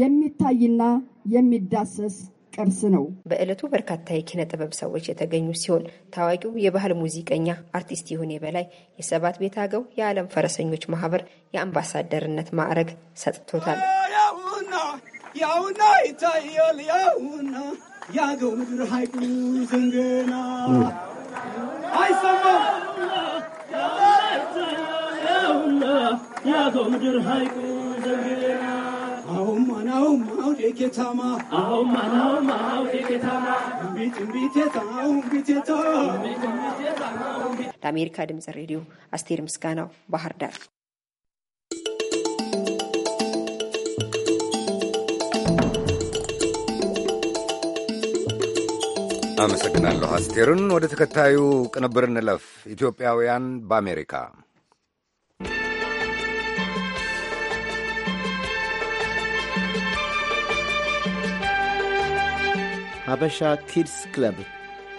የሚታይና የሚዳሰስ ቅርስ ነው። በዕለቱ በርካታ የኪነ ጥበብ ሰዎች የተገኙ ሲሆን ታዋቂው የባህል ሙዚቀኛ አርቲስት ይሁኔ በላይ የሰባት ቤት አገው የዓለም ፈረሰኞች ማህበር የአምባሳደርነት ማዕረግ ሰጥቶታል። ያውና ይታያል ያውና ያገው ምድር ሀይቁ ዘንገና አይሰማም ያውና ያገው ምድር ሀይቁ ለአሜሪካ ድምፅ ሬዲዮ አስቴር ምስጋናው ባህር ዳር አመሰግናለሁ አስቴርን። ወደ ተከታዩ ቅንብር እንለፍ። ኢትዮጵያውያን በአሜሪካ ሀበሻ ኪድስ ክለብ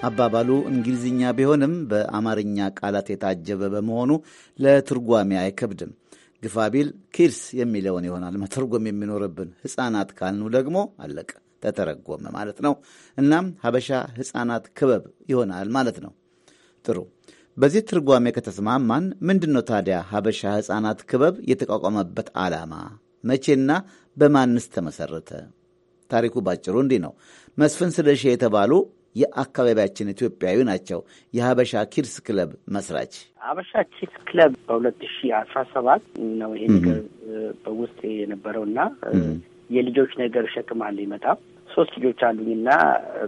አባባሉ እንግሊዝኛ ቢሆንም በአማርኛ ቃላት የታጀበ በመሆኑ ለትርጓሜ አይከብድም። ግፋቢል ኪድስ የሚለውን ይሆናል መተርጎም የሚኖርብን። ሕፃናት ካልኑ ደግሞ አለቀ፣ ተተረጎመ ማለት ነው። እናም ሀበሻ ሕፃናት ክበብ ይሆናል ማለት ነው። ጥሩ። በዚህ ትርጓሜ ከተስማማን ምንድን ነው ታዲያ ሀበሻ ሕፃናት ክበብ የተቋቋመበት ዓላማ? መቼና በማንስ ተመሠረተ? ታሪኩ ባጭሩ እንዲህ ነው። መስፍን ስለሺ የተባሉ የአካባቢያችን ኢትዮጵያዊ ናቸው። የሀበሻ ኪድስ ክለብ መስራች። ሀበሻ ኪድስ ክለብ በሁለት ሺ አስራ ሰባት ነው ይሄ ነገር በውስጥ የነበረው እና የልጆች ነገር ሸክም አለ ይመጣ ሶስት ልጆች አሉኝ እና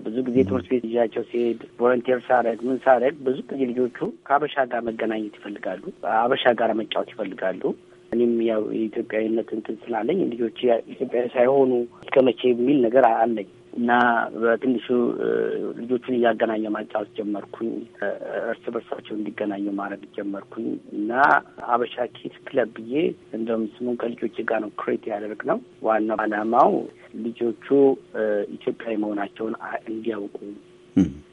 ብዙ ጊዜ ትምህርት ቤት ልጃቸው ሲሄድ ቮለንቲር ሳረግ ምን ሳረግ ብዙ ጊዜ ልጆቹ ከአበሻ ጋር መገናኘት ይፈልጋሉ። አበሻ ጋር መጫወት ይፈልጋሉ። እኔም ያው የኢትዮጵያዊነት እንትን ስላለኝ ልጆች ኢትዮጵያዊ ሳይሆኑ እስከ መቼ የሚል ነገር አለኝ እና በትንሹ ልጆቹን እያገናኘ ማጫወት ጀመርኩኝ። እርስ በርሳቸው እንዲገናኙ ማድረግ ጀመርኩኝ እና አበሻ ኪት ክለብ ብዬ እንደውም ስሙን ከልጆች ጋር ነው ክሬት ያደርግ ነው። ዋናው አላማው ልጆቹ ኢትዮጵያዊ መሆናቸውን እንዲያውቁ፣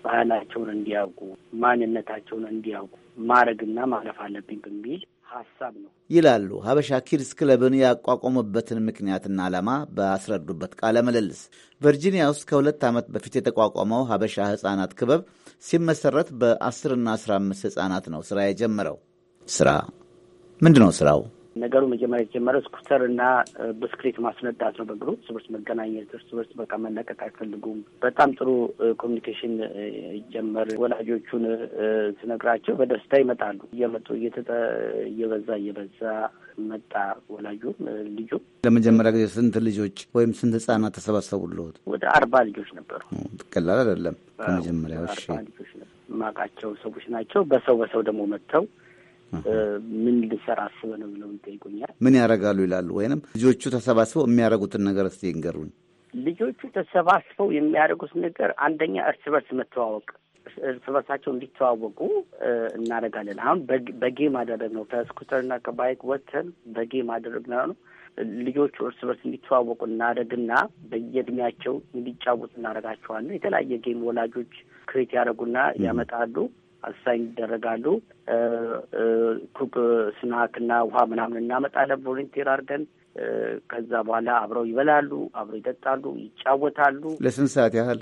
ባህላቸውን እንዲያውቁ፣ ማንነታቸውን እንዲያውቁ ማድረግና ማለፍ አለብኝ በሚል ሀሳብ ነው ይላሉ ሀበሻ ኪድስ ክለብን ያቋቋሙበትን ምክንያትና ዓላማ ባስረዱበት ቃለ ምልልስ። ቨርጂኒያ ውስጥ ከሁለት ዓመት በፊት የተቋቋመው ሀበሻ ሕፃናት ክበብ ሲመሰረት በ10ና 15 ሕፃናት ነው ስራ የጀመረው። ስራ ምንድን ነው ስራው? ነገሩ መጀመሪያ የተጀመረው ስኩተር እና ብስክሌት ማስነዳት ነው። በእግሩ እርስ መገናኘት፣ እርስ በርስ በቃ መለቀቅ አይፈልጉም። በጣም ጥሩ ኮሚኒኬሽን ይጀመር። ወላጆቹን ስነግራቸው በደስታ ይመጣሉ። እየመጡ እየተጠ እየበዛ እየበዛ መጣ። ወላጁም ልጁ ለመጀመሪያ ጊዜ ስንት ልጆች ወይም ስንት ህጻናት ተሰባሰቡልዎት? ወደ አርባ ልጆች ነበሩ። ቀላል አይደለም። ከመጀመሪያ እሺ፣ ማቃቸው ሰዎች ናቸው። በሰው በሰው ደግሞ መጥተው ምን ልሰራ አስበ ነው ብለው ይጠይቁኛል። ምን ያደርጋሉ ይላሉ። ወይንም ልጆቹ ተሰባስበው የሚያደርጉትን ነገር እስቲ ይንገሩኝ። ልጆቹ ተሰባስበው የሚያደርጉት ነገር አንደኛ እርስ በርስ መተዋወቅ፣ እርስ በርሳቸው እንዲተዋወቁ እናደርጋለን። አሁን በጌም አደረግ ነው ከስኩተርና ከባይክ ወተን በጌ ማደረግ ነው ልጆቹ እርስ በርስ እንዲተዋወቁ እናደርግና በየእድሜያቸው እንዲጫወቱ እናደርጋቸዋለን። የተለያየ ጌም ወላጆች ክሬት ያደረጉና ያመጣሉ። አሳኝ ይደረጋሉ። ኩክ ስናክ እና ውሃ ምናምን እናመጣለን ቮለንቴር አድርገን። ከዛ በኋላ አብረው ይበላሉ፣ አብረው ይጠጣሉ፣ ይጫወታሉ። ለስንት ሰዓት ያህል?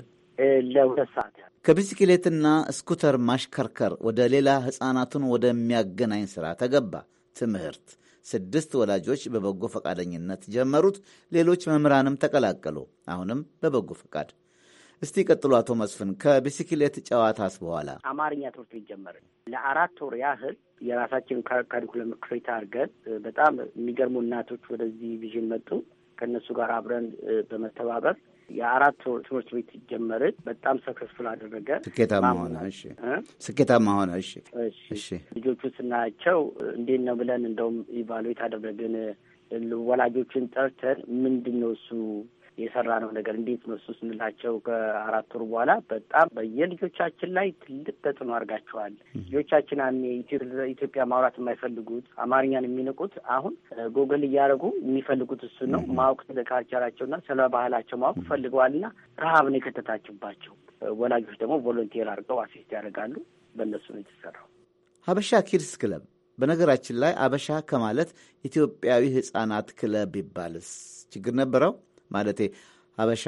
ለሁለት ሰዓት ያህል። ከብስክሌትና ስኩተር ማሽከርከር ወደ ሌላ ህጻናቱን ወደሚያገናኝ ስራ ተገባ። ትምህርት ስድስት ወላጆች በበጎ ፈቃደኝነት ጀመሩት። ሌሎች መምህራንም ተቀላቀሉ። አሁንም በበጎ ፈቃድ እስቲ ቀጥሉ አቶ መስፍን ከቢስክሌት ጨዋታስ በኋላ አማርኛ ትምህርት ቤት ጀመርን። ለአራት ወር ያህል የራሳችን ካሪኩለም ክሬት አድርገን በጣም የሚገርሙ እናቶች ወደዚህ ቪዥን መጡ። ከእነሱ ጋር አብረን በመተባበር የአራት ወር ትምህርት ቤት ጀመርን። በጣም ሰክሰስፉል አደረገ። ስኬታማ ሆነ። እሺ፣ ስኬታማ ሆነ። እሺ፣ እሺ። ልጆቹ ስናያቸው እንዴት ነው ብለን እንደውም ኢቫሉዌት አደረግን። ወላጆችን ጠርተን ምንድን ነው እሱ የሰራ ነው ነገር እንዴት ነው እሱ ስንላቸው ከአራት ወር በኋላ በጣም በየልጆቻችን ላይ ትልቅ ተጽዕኖ አድርጋቸዋል ልጆቻችን ኢትዮጵያ ማውራት የማይፈልጉት አማርኛን የሚንቁት አሁን ጎግል እያደረጉ የሚፈልጉት እሱ ነው ማወቅ ስለ ካልቸራቸውና ስለ ባህላቸው ማወቅ ፈልገዋልና ረሀብ ነው የከተታችባቸው። ወላጆች ደግሞ ቮሎንቲር አድርገው አሲስት ያደርጋሉ። በእነሱ ነው የተሰራው ሀበሻ ኪድስ ክለብ። በነገራችን ላይ አበሻ ከማለት ኢትዮጵያዊ ሕጻናት ክለብ ይባልስ ችግር ነበረው? ማለቴ ሀበሻ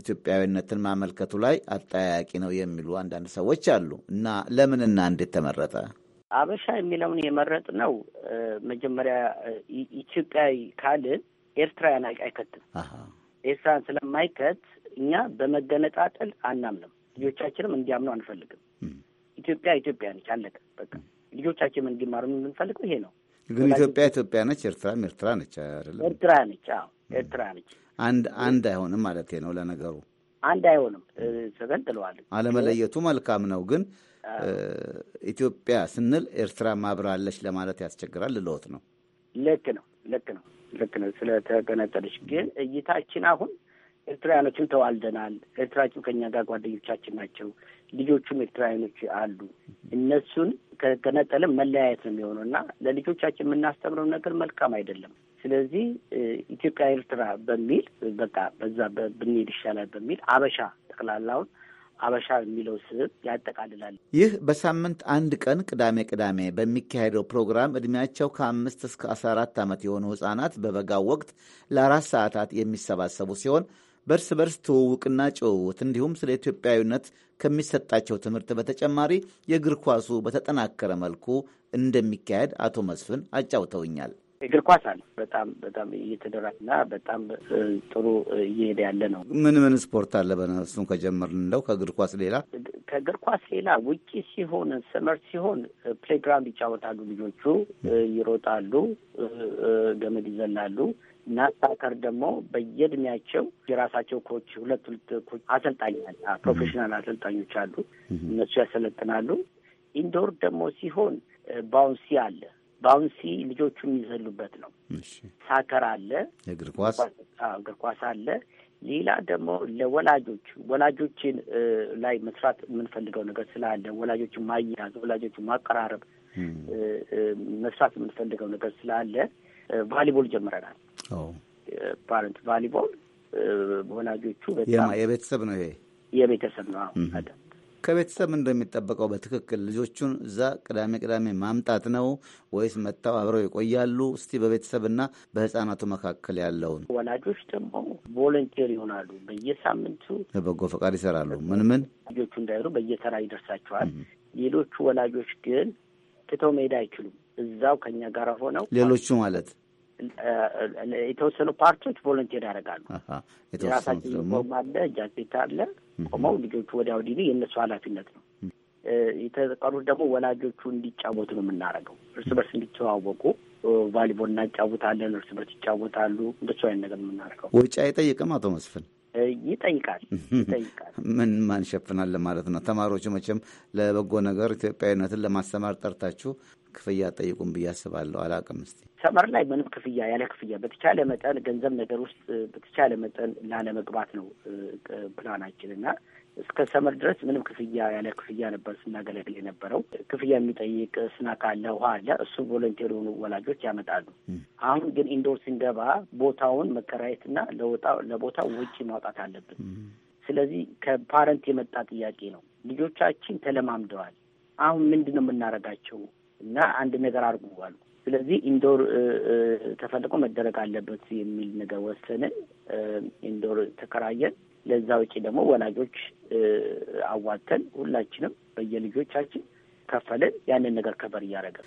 ኢትዮጵያዊነትን ማመልከቱ ላይ አጠያያቂ ነው የሚሉ አንዳንድ ሰዎች አሉ። እና ለምንና እንዴት ተመረጠ? አበሻ የሚለውን የመረጥ ነው። መጀመሪያ ኢትዮጵያዊ ካልን ኤርትራውያን አይከትም። ኤርትራን ስለማይከት እኛ በመገነጣጠል አናምንም። ልጆቻችንም እንዲያምኑ አንፈልግም። ኢትዮጵያ ኢትዮጵያ ነች፣ አለቀ በቃ። ልጆቻችንም እንዲማሩ የምንፈልገው ይሄ ነው። ግን ኢትዮጵያ ኢትዮጵያ ነች፣ ኤርትራም ኤርትራ ነች። አይደለም ኤርትራ ነች፣ ኤርትራ ነች። አንድ አንድ አይሆንም ማለት ነው። ለነገሩ አንድ አይሆንም፣ ተገንጥለዋል። አለመለየቱ መልካም ነው፣ ግን ኢትዮጵያ ስንል ኤርትራ ማብራለች ለማለት ያስቸግራል። ልለወት ነው። ልክ ነው፣ ልክ ነው፣ ልክ ነው። ስለተገነጠለች ግን እይታችን አሁን ኤርትራውያኖችም ተዋልደናል። ኤርትራውያኖችም ከኛ ጋር ጓደኞቻችን ናቸው። ልጆቹም ኤርትራውያኖች አሉ። እነሱን ከነጠልም መለያየት ነው የሚሆነው እና ለልጆቻችን የምናስተምረው ነገር መልካም አይደለም። ስለዚህ ኢትዮጵያ ኤርትራ በሚል በቃ በዛ ብንሄድ ይሻላል በሚል አበሻ ጠቅላላውን አበሻ የሚለው ስብ ያጠቃልላል። ይህ በሳምንት አንድ ቀን ቅዳሜ ቅዳሜ በሚካሄደው ፕሮግራም እድሜያቸው ከአምስት እስከ አስራ አራት ዓመት የሆኑ ህጻናት በበጋው ወቅት ለአራት ሰዓታት የሚሰባሰቡ ሲሆን በእርስ በርስ ትውውቅና ጭውውት እንዲሁም ስለ ኢትዮጵያዊነት ከሚሰጣቸው ትምህርት በተጨማሪ የእግር ኳሱ በተጠናከረ መልኩ እንደሚካሄድ አቶ መስፍን አጫውተውኛል። እግር ኳስ አለ በጣም በጣም እየተደራና በጣም ጥሩ እየሄደ ያለ ነው። ምን ምን ስፖርት አለ? በነሱን ከጀመርን እንደው ከእግር ኳስ ሌላ ከእግር ኳስ ሌላ ውጪ ሲሆን ስመር ሲሆን ፕሌይግራውንድ ይጫወታሉ ልጆቹ፣ ይሮጣሉ፣ ገመድ ይዘላሉ። እና ደግሞ በየእድሜያቸው የራሳቸው ኮች ሁለት ሁለት ኮች አሰልጣኝ ፕሮፌሽናል አሰልጣኞች አሉ። እነሱ ያሰለጥናሉ። ኢንዶር ደግሞ ሲሆን ባውንሲ አለ። ባውንሲ ልጆቹ የሚዘሉበት ነው። ሳከር አለ፣ እግር ኳስ እግር ኳስ አለ። ሌላ ደግሞ ለወላጆች ወላጆችን ላይ መስራት የምንፈልገው ነገር ስላለ ወላጆችን ማያያዝ፣ ወላጆችን ማቀራረብ መስራት የምንፈልገው ነገር ስላለ ቫሊቦል ጀምረናል። ፓረንት ቫሊቦል ወላጆቹ በጣም የቤተሰብ ነው። ይሄ የቤተሰብ ነው። ከቤተሰብ እንደሚጠበቀው በትክክል ልጆቹን እዛ ቅዳሜ ቅዳሜ ማምጣት ነው ወይስ መጥተው አብረው ይቆያሉ? እስቲ በቤተሰብና በህጻናቱ መካከል ያለውን ወላጆች ደግሞ ቮለንቴር ይሆናሉ። በየሳምንቱ በበጎ ፈቃድ ይሰራሉ። ምን ምን ልጆቹ እንዳይሩ በየተራ ይደርሳቸዋል። ሌሎቹ ወላጆች ግን ትተው መሄድ አይችሉም። እዛው ከኛ ጋር ሆነው ሌሎቹ ማለት የተወሰኑ ፓርቶች ቮለንቲር ያደርጋሉ። የራሳቸው ዩኒፎርም አለ፣ ጃኬት አለ። ቆመው ልጆቹ ወዲያ ወዲህ የእነሱ ኃላፊነት ነው። የተቀሩት ደግሞ ወላጆቹ እንዲጫወቱ ነው የምናደርገው። እርስ በርስ እንዲተዋወቁ ቫሊቦል እናጫወታለን፣ እርስ በርስ ይጫወታሉ። እንደሱ አይነት ነገር የምናደርገው። ወጪ አይጠይቅም አቶ መስፍን? ይጠይቃል ይጠይቃል። ምን ማንሸፍናለን ማለት ነው። ተማሪዎቹ መቼም ለበጎ ነገር ኢትዮጵያዊነትን ለማስተማር ጠርታችሁ ክፍያ ጠይቁም ብዬ አስባለሁ። አላውቅም እስኪ ሰመር ላይ ምንም ክፍያ ያለ ክፍያ በተቻለ መጠን ገንዘብ ነገር ውስጥ በተቻለ መጠን ላለመግባት ነው ፕላናችን እና እስከ ሰመር ድረስ ምንም ክፍያ ያለ ክፍያ ነበር ስናገለግል የነበረው። ክፍያ የሚጠይቅ ስናክ አለ፣ ውሃ አለ። እሱ ቮለንቴር የሆኑ ወላጆች ያመጣሉ። አሁን ግን ኢንዶር ስንገባ ቦታውን መከራየትና ለቦታው ውጪ ማውጣት አለብን። ስለዚህ ከፓረንት የመጣ ጥያቄ ነው። ልጆቻችን ተለማምደዋል። አሁን ምንድን ነው የምናደርጋቸው? እና አንድ ነገር አድርጓል። ስለዚህ ኢንዶር ተፈልቆ መደረግ አለበት የሚል ነገር ወሰንን። ኢንዶር ተከራየን። ለዛ ውጪ ደግሞ ወላጆች አዋተን ሁላችንም በየልጆቻችን ከፈልን። ያንን ነገር ከበር እያደረገ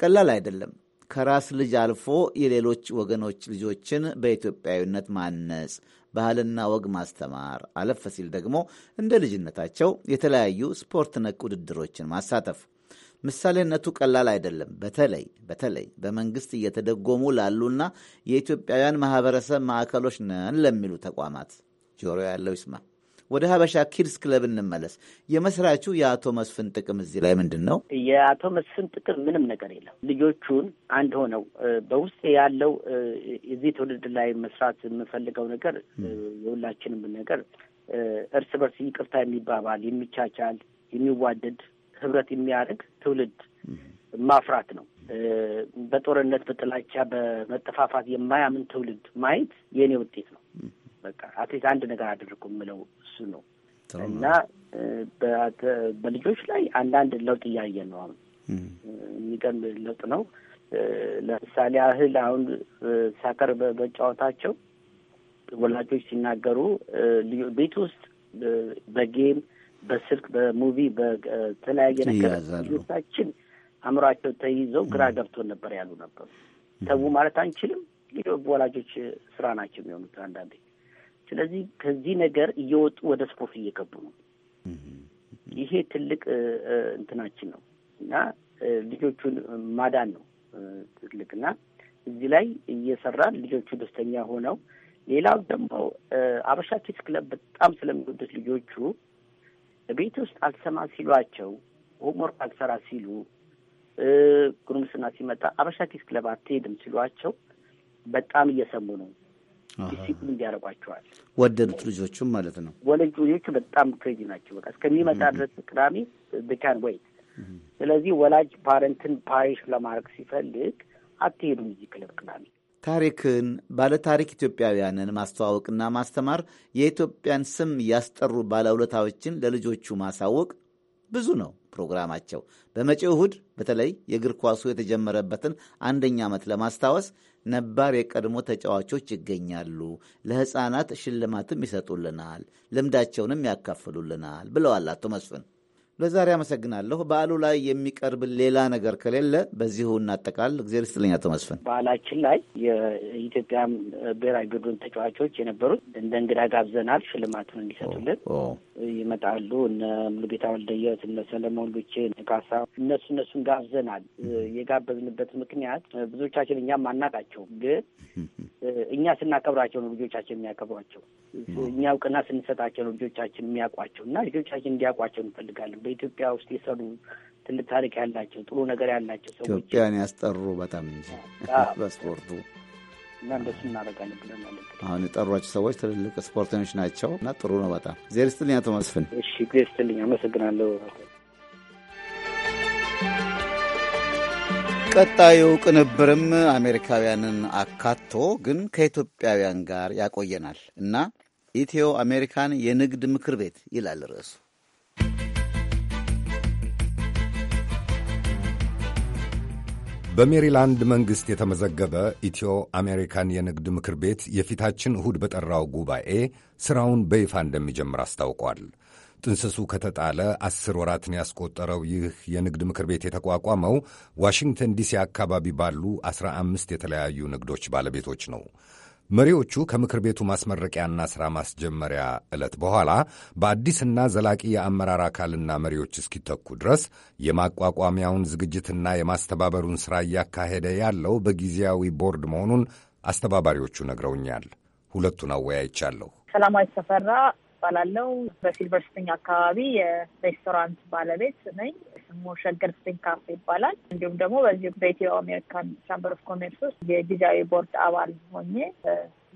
ቀላል አይደለም። ከራስ ልጅ አልፎ የሌሎች ወገኖች ልጆችን በኢትዮጵያዊነት ማነጽ፣ ባህልና ወግ ማስተማር፣ አለፈ ሲል ደግሞ እንደ ልጅነታቸው የተለያዩ ስፖርት ነክ ውድድሮችን ማሳተፍ ምሳሌነቱ ቀላል አይደለም። በተለይ በተለይ በመንግስት እየተደጎሙ ላሉና የኢትዮጵያውያን ማህበረሰብ ማዕከሎች ነን ለሚሉ ተቋማት ጆሮ ያለው ይስማ። ወደ ሀበሻ ኪድስ ክለብ እንመለስ። የመስራቹ የአቶ መስፍን ጥቅም እዚህ ላይ ምንድን ነው? የአቶ መስፍን ጥቅም ምንም ነገር የለም። ልጆቹን አንድ ሆነው በውስጥ ያለው እዚህ ትውልድ ላይ መስራት የምፈልገው ነገር የሁላችንም ነገር እርስ በርስ ይቅርታ የሚባባል የሚቻቻል የሚዋደድ ህብረት የሚያደርግ ትውልድ ማፍራት ነው። በጦርነት በጥላቻ በመጠፋፋት የማያምን ትውልድ ማየት የእኔ ውጤት ነው። በቃ አትሊስት አንድ ነገር አደረግኩ የምለው እሱ ነው እና በልጆች ላይ አንዳንድ ለውጥ እያየን ነው። አሁን የሚገርም ለውጥ ነው። ለምሳሌ ያህል አሁን ሳከር በጨዋታቸው ወላጆች ሲናገሩ ቤት ውስጥ በጌም በስልክ በሙቪ በተለያየ ነገር ልጆቻችን አእምሯቸው ተይዘው ግራ ገብቶን ነበር ያሉ ነበሩ። ተዉ ማለት አንችልም። ወላጆች ስራ ናቸው የሚሆኑት አንዳንዴ። ስለዚህ ከዚህ ነገር እየወጡ ወደ ስፖርት እየገቡ ነው። ይሄ ትልቅ እንትናችን ነው እና ልጆቹን ማዳን ነው ትልቅና እዚህ ላይ እየሰራን ልጆቹ ደስተኛ ሆነው ሌላው ደግሞ አበሻ ኪድስ ክለብ በጣም ስለሚወዱት ልጆቹ ቤት ውስጥ አልሰማ ሲሏቸው ሆምወርክ አልሰራ ሲሉ ጉርምስና ሲመጣ አበሻ ኪስ ክለብ አትሄድም ሲሏቸው በጣም እየሰሙ ነው። ዲሲፕሊን ያደርጓቸዋል። ወደዱት ልጆቹም ማለት ነው። ወለጅ ልጆቹ በጣም ክሬጂ ናቸው። በቃ እስከሚመጣ ድረስ ቅዳሜ ብቻን ወይት። ስለዚህ ወላጅ ፓረንትን ፓሪሽ ለማድረግ ሲፈልግ አትሄዱም እዚህ ክለብ ቅዳሜ ታሪክን፣ ባለታሪክ ኢትዮጵያውያንን ማስተዋወቅና ማስተማር፣ የኢትዮጵያን ስም ያስጠሩ ባለውለታዎችን ለልጆቹ ማሳወቅ ብዙ ነው ፕሮግራማቸው። በመጪው እሁድ በተለይ የእግር ኳሱ የተጀመረበትን አንደኛ ዓመት ለማስታወስ ነባር የቀድሞ ተጫዋቾች ይገኛሉ። ለሕፃናት ሽልማትም ይሰጡልናል፣ ልምዳቸውንም ያካፍሉልናል ብለዋል አቶ መስፍን። ለዛሬ አመሰግናለሁ። በዓሉ ላይ የሚቀርብ ሌላ ነገር ከሌለ በዚሁ እናጠቃል። እግዜር ይስጥልኝ አቶ መስፍን። በዓላችን ላይ የኢትዮጵያ ብሔራዊ ቡድን ተጫዋቾች የነበሩት እንደ እንግዳ ጋብዘናል፣ ሽልማቱን እንዲሰጡልን ይመጣሉ። እነ ሙሉጌታ ወልደየስ፣ እነ ሰለሞን ሉቼ፣ እነ ካሳ እነሱ እነሱን ጋብዘናል። የጋበዝንበት ምክንያት ብዙዎቻችን እኛም አናውቃቸውም፣ ግን እኛ ስናከብራቸው ነው ልጆቻችን የሚያከብሯቸው። እኛ እውቅና ስንሰጣቸው ነው ልጆቻችን የሚያውቋቸው እና ልጆቻችን እንዲያውቋቸው እንፈልጋለን። በኢትዮጵያ ውስጥ የሰሩ ትልቅ ታሪክ ያላቸው ጥሩ ነገር ያላቸው ሰዎች ኢትዮጵያን ያስጠሩ በጣም እንጂ በስፖርቱ እና እንደሱ እናደርጋለን ብለን ማለት አሁን የጠሯችሁ ሰዎች ትልልቅ ስፖርተኞች ናቸው እና ጥሩ ነው በጣም እግዜር ይስጥልኝ አቶ መስፍን። እሺ እግዜር ይስጥልኝ አመሰግናለሁ። ቀጣዩ ቅንብርም አሜሪካውያንን አካቶ ግን ከኢትዮጵያውያን ጋር ያቆየናል እና ኢትዮ አሜሪካን የንግድ ምክር ቤት ይላል ርዕሱ። በሜሪላንድ መንግሥት የተመዘገበ ኢትዮ አሜሪካን የንግድ ምክር ቤት የፊታችን እሁድ በጠራው ጉባኤ ሥራውን በይፋ እንደሚጀምር አስታውቋል። ጥንስሱ ከተጣለ አስር ወራትን ያስቆጠረው ይህ የንግድ ምክር ቤት የተቋቋመው ዋሽንግተን ዲሲ አካባቢ ባሉ አስራ አምስት የተለያዩ ንግዶች ባለቤቶች ነው። መሪዎቹ ከምክር ቤቱ ማስመረቂያና ሥራ ማስጀመሪያ ዕለት በኋላ በአዲስና ዘላቂ የአመራር አካልና መሪዎች እስኪተኩ ድረስ የማቋቋሚያውን ዝግጅትና የማስተባበሩን ሥራ እያካሄደ ያለው በጊዜያዊ ቦርድ መሆኑን አስተባባሪዎቹ ነግረውኛል። ሁለቱን አወያይቻለሁ። ሰላማዊ ተፈራ እባላለሁ። በሲልቨር ስፕሪንግ አካባቢ የሬስቶራንት ባለቤት ነኝ። ስሙ ሸገር ስፕሪንግ ካፌ ይባላል። እንዲሁም ደግሞ በዚህ በኢትዮ አሜሪካን ቻምበር ኦፍ ኮሜርስ ውስጥ የጊዜያዊ ቦርድ አባል ሆኜ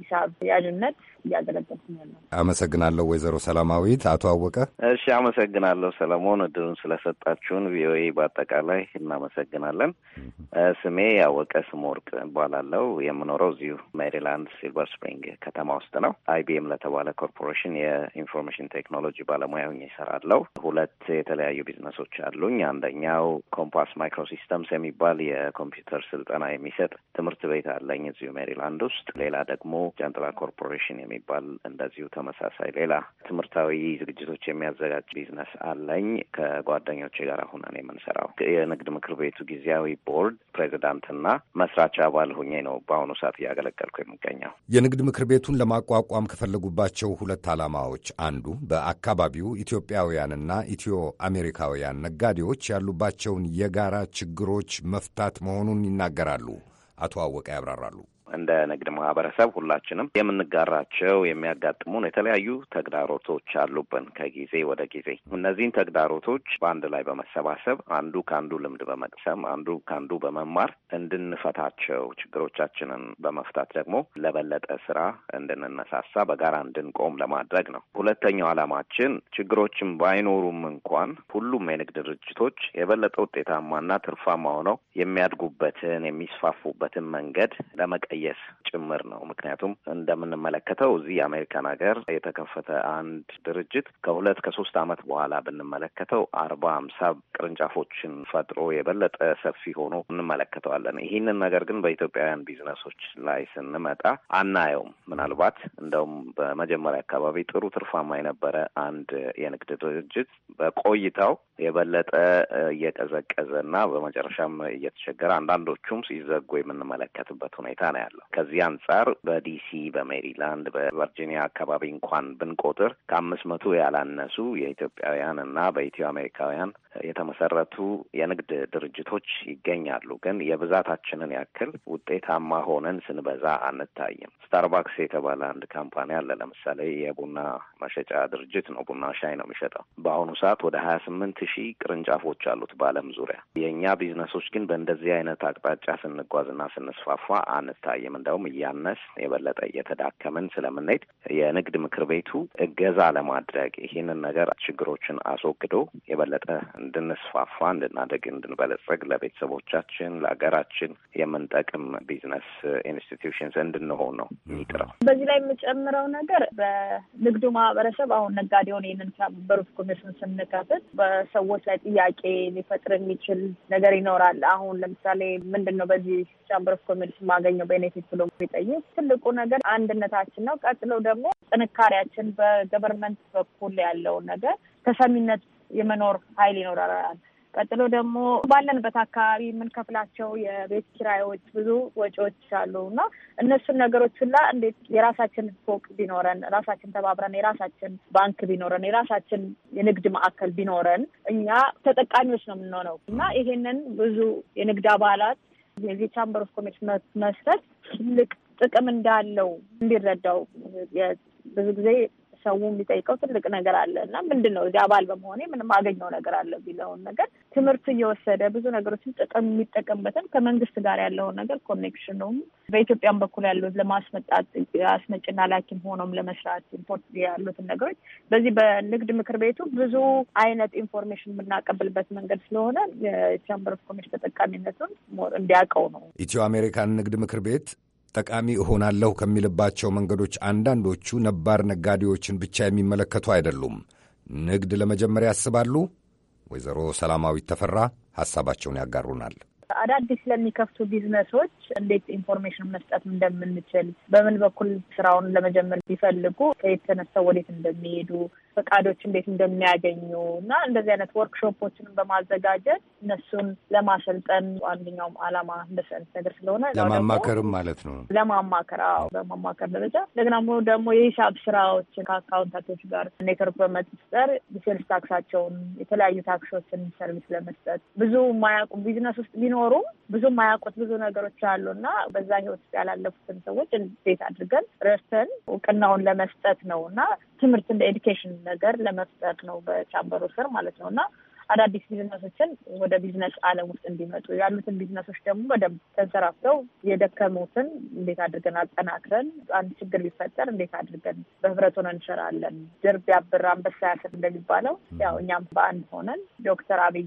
ሂሳብ ያዥነት እያገለገልኩ ያለው። አመሰግናለሁ ወይዘሮ ሰላማዊት። አቶ አወቀ። እሺ አመሰግናለሁ ሰለሞን፣ እድሉን ስለሰጣችሁን ቪኦኤ በአጠቃላይ እናመሰግናለን። ስሜ ያወቀ ስምወርቅ እባላለሁ። የምኖረው እዚሁ ሜሪላንድ ሲልቨር ስፕሪንግ ከተማ ውስጥ ነው። አይቢኤም ለተባለ ኮርፖሬሽን የኢንፎርሜሽን ቴክኖሎጂ ባለሙያ ሆኜ እሰራለሁ። ሁለት የተለያዩ ቢዝነሶች አሉኝ። አንደኛው ኮምፓስ ማይክሮሲስተምስ የሚባል የኮምፒውተር ስልጠና የሚሰጥ ትምህርት ቤት አለኝ እዚሁ ሜሪላንድ ውስጥ። ሌላ ደግሞ ጃንጥላ ኮርፖሬሽን የሚባል እንደዚሁ ተመሳሳይ ሌላ ትምህርታዊ ዝግጅቶች የሚያዘጋጅ ቢዝነስ አለኝ። ከጓደኞቼ ጋር ሁነን የምንሰራው የንግድ ምክር ቤቱ ጊዜያዊ ቦርድ ፕሬዚዳንትና መስራች አባል ሁኜ ነው በአሁኑ ሰዓት እያገለገልኩ የሚገኘው። የንግድ ምክር ቤቱን ለማቋቋም ከፈለጉባቸው ሁለት ዓላማዎች አንዱ በአካባቢው ኢትዮጵያውያንና ኢትዮ አሜሪካውያን ነጋዴዎች ያሉባቸውን የጋራ ችግሮች መፍታት መሆኑን ይናገራሉ። አቶ አወቀ ያብራራሉ። እንደ ንግድ ማህበረሰብ ሁላችንም የምንጋራቸው የሚያጋጥሙን የተለያዩ ተግዳሮቶች አሉብን ከጊዜ ወደ ጊዜ። እነዚህን ተግዳሮቶች በአንድ ላይ በመሰባሰብ አንዱ ከአንዱ ልምድ በመቅሰም አንዱ ከአንዱ በመማር እንድንፈታቸው ችግሮቻችንን በመፍታት ደግሞ ለበለጠ ስራ እንድንነሳሳ በጋራ እንድንቆም ለማድረግ ነው። ሁለተኛው ዓላማችን ችግሮችን ባይኖሩም እንኳን ሁሉም የንግድ ድርጅቶች የበለጠ ውጤታማና ትርፋማ ሆነው የሚያድጉበትን የሚስፋፉበትን መንገድ ለመቀ መቀየስ ጭምር ነው። ምክንያቱም እንደምንመለከተው እዚህ የአሜሪካን ሀገር የተከፈተ አንድ ድርጅት ከሁለት ከሶስት ዓመት በኋላ ብንመለከተው አርባ ሀምሳ ቅርንጫፎችን ፈጥሮ የበለጠ ሰፊ ሆኖ እንመለከተዋለን። ይህንን ነገር ግን በኢትዮጵያውያን ቢዝነሶች ላይ ስንመጣ አናየውም። ምናልባት እንደውም በመጀመሪያ አካባቢ ጥሩ ትርፋማ የነበረ አንድ የንግድ ድርጅት በቆይታው የበለጠ እየቀዘቀዘ እና በመጨረሻም እየተቸገረ አንዳንዶቹም ሲዘጉ የምንመለከትበት ሁኔታ ነው ያለው። ከዚህ አንጻር በዲሲ፣ በሜሪላንድ፣ በቨርጂኒያ አካባቢ እንኳን ብንቆጥር ከአምስት መቶ ያላነሱ የኢትዮጵያውያን እና በኢትዮ አሜሪካውያን የተመሰረቱ የንግድ ድርጅቶች ይገኛሉ። ግን የብዛታችንን ያክል ውጤታማ ሆነን ስንበዛ አንታይም። ስታርባክስ የተባለ አንድ ካምፓኒ አለ። ለምሳሌ የቡና መሸጫ ድርጅት ነው። ቡና ሻይ ነው የሚሸጠው። በአሁኑ ሰዓት ወደ ሀያ ስምንት ሺህ ቅርንጫፎች አሉት በዓለም ዙሪያ። የእኛ ቢዝነሶች ግን በእንደዚህ አይነት አቅጣጫ ስንጓዝና ስንስፋፋ አንታይ አይታይም። እንደውም እያነስ የበለጠ እየተዳከምን ስለምንሄድ የንግድ ምክር ቤቱ እገዛ ለማድረግ ይህንን ነገር ችግሮችን አስወግዶ የበለጠ እንድንስፋፋ፣ እንድናደግ፣ እንድንበለጸግ ለቤተሰቦቻችን፣ ለሀገራችን የምንጠቅም ቢዝነስ ኢንስቲትዩሽንስ እንድንሆን ነው የሚጥረው። በዚህ ላይ የምጨምረው ነገር በንግዱ ማህበረሰብ አሁን ነጋዴውን ይህንን የተባበሩት ኮሚሽን ስንከፍት በሰዎች ላይ ጥያቄ ሊፈጥር የሚችል ነገር ይኖራል። አሁን ለምሳሌ ምንድን ነው በዚህ ቻምበር ኮሚሽን ማገኘው ቤኔፊት ብሎ የሚጠይቅ ትልቁ ነገር አንድነታችን ነው። ቀጥሎ ደግሞ ጥንካሬያችን በገቨርንመንት በኩል ያለውን ነገር ተሰሚነት የመኖር ኃይል ይኖራል። ቀጥሎ ደግሞ ባለንበት አካባቢ የምንከፍላቸው የቤት ኪራዮች፣ ብዙ ወጪዎች አሉ እና እነሱን ነገሮች ሁላ እንዴት የራሳችን ፎቅ ቢኖረን፣ ራሳችን ተባብረን፣ የራሳችን ባንክ ቢኖረን፣ የራሳችን የንግድ ማዕከል ቢኖረን እኛ ተጠቃሚዎች ነው የምንሆነው እና ይሄንን ብዙ የንግድ አባላት የዚህ ቻምበር ኦፍ ኮሜርስ መስረት ትልቅ ጥቅም እንዳለው እንዲረዳው ብዙ ጊዜ ሰው የሚጠይቀው ትልቅ ነገር አለ እና ምንድን ነው እዚህ አባል በመሆኔ ምንም አገኘው ነገር አለ ቢለውን ነገር ትምህርት እየወሰደ ብዙ ነገሮችን ጥቅም የሚጠቀምበትን ከመንግስት ጋር ያለውን ነገር ኮኔክሽኑም በኢትዮጵያን በኩል ያሉት ለማስመጣት አስመጭና ላኪም ሆኖም ለመስራት ኢምፖርት ያሉትን ነገሮች በዚህ በንግድ ምክር ቤቱ ብዙ አይነት ኢንፎርሜሽን የምናቀብልበት መንገድ ስለሆነ የቻምበር ኦፍ ኮሜርስ ተጠቃሚነቱን እንዲያውቀው ነው። ኢትዮ አሜሪካን ንግድ ምክር ቤት ጠቃሚ እሆናለሁ ከሚልባቸው መንገዶች አንዳንዶቹ ነባር ነጋዴዎችን ብቻ የሚመለከቱ አይደሉም። ንግድ ለመጀመር ያስባሉ። ወይዘሮ ሰላማዊት ተፈራ ሀሳባቸውን ያጋሩናል። አዳዲስ ለሚከፍቱ ቢዝነሶች እንዴት ኢንፎርሜሽን መስጠት እንደምንችል፣ በምን በኩል ስራውን ለመጀመር ቢፈልጉ ከየት ተነስተው ወዴት እንደሚሄዱ ፈቃዶች እንዴት እንደሚያገኙ እና እንደዚህ አይነት ወርክሾፖችንም በማዘጋጀት እነሱን ለማሰልጠን አንደኛውም አላማ እንደዚህ አይነት ነገር ስለሆነ ለማማከርም ማለት ነው። ለማማከር አዎ፣ በማማከር ደረጃ እንደገና ደግሞ የሂሳብ ስራዎችን ከአካውንታቶች ጋር ኔትወርክ በመፍጠር ሴልስ ታክሳቸውን፣ የተለያዩ ታክሶችን ሰርቪስ ለመስጠት ብዙ ማያውቁ ቢዝነስ ውስጥ ቢኖሩም ብዙ ማያውቁት ብዙ ነገሮች አሉ እና በዛ ህይወት ውስጥ ያላለፉትን ሰዎች እንዴት አድርገን ረስተን እውቅናውን ለመስጠት ነው እና ትምህርት እንደ ኤዱኬሽን ነገር ለመፍጠር ነው በቻምበሩ ስር ማለት ነው እና አዳዲስ ቢዝነሶችን ወደ ቢዝነስ አለም ውስጥ እንዲመጡ ያሉትን ቢዝነሶች ደግሞ በደንብ ተንሰራፍተው የደከሙትን እንዴት አድርገን አጠናክረን አንድ ችግር ቢፈጠር እንዴት አድርገን በህብረት ሆነን እንሰራለን። ድር ቢያብር አንበሳ ያስር እንደሚባለው ያው እኛም በአንድ ሆነን ዶክተር አብይ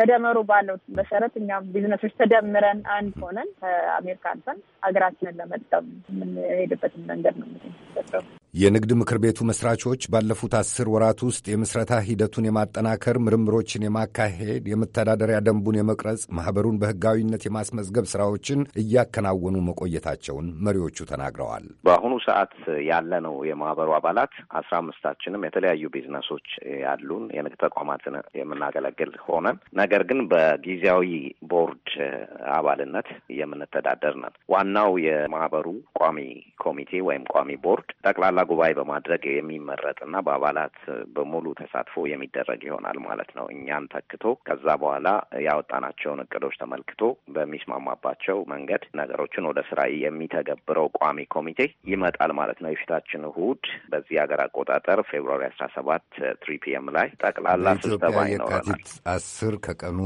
ተደመሩ ባለው መሰረት እኛም ቢዝነሶች ተደምረን አንድ ሆነን ከአሜሪካ አልፈን ሀገራችንን ለመጠም የምንሄድበትን መንገድ ነው የምንፈጥረው። የንግድ ምክር ቤቱ መስራቾች ባለፉት አስር ወራት ውስጥ የምስረታ ሂደቱን የማጠናከር ምርምሮችን ምርጫዎችን የማካሄድ የመተዳደሪያ ደንቡን የመቅረጽ ማኅበሩን በሕጋዊነት የማስመዝገብ ሥራዎችን እያከናወኑ መቆየታቸውን መሪዎቹ ተናግረዋል። በአሁኑ ሰዓት ያለነው የማኅበሩ አባላት አስራ አምስታችንም የተለያዩ ቢዝነሶች ያሉን የንግድ ተቋማትን የምናገለግል ሆነን ነገር ግን በጊዜያዊ ቦርድ አባልነት የምንተዳደር ነን። ዋናው የማህበሩ ቋሚ ኮሚቴ ወይም ቋሚ ቦርድ ጠቅላላ ጉባኤ በማድረግ የሚመረጥ በአባላት በሙሉ ተሳትፎ የሚደረግ ይሆናል ማለት ነው። እኛ ያን ተክቶ ከዛ በኋላ ያወጣናቸውን እቅዶች ተመልክቶ በሚስማማባቸው መንገድ ነገሮችን ወደ ስራ የሚተገብረው ቋሚ ኮሚቴ ይመጣል ማለት ነው። የፊታችን እሁድ በዚህ ሀገር አቆጣጠር ፌብሩዋሪ አስራ ሰባት ትሪ ፒኤም ላይ ጠቅላላ ስብሰባ ይኖረናል። አስር ከቀኑ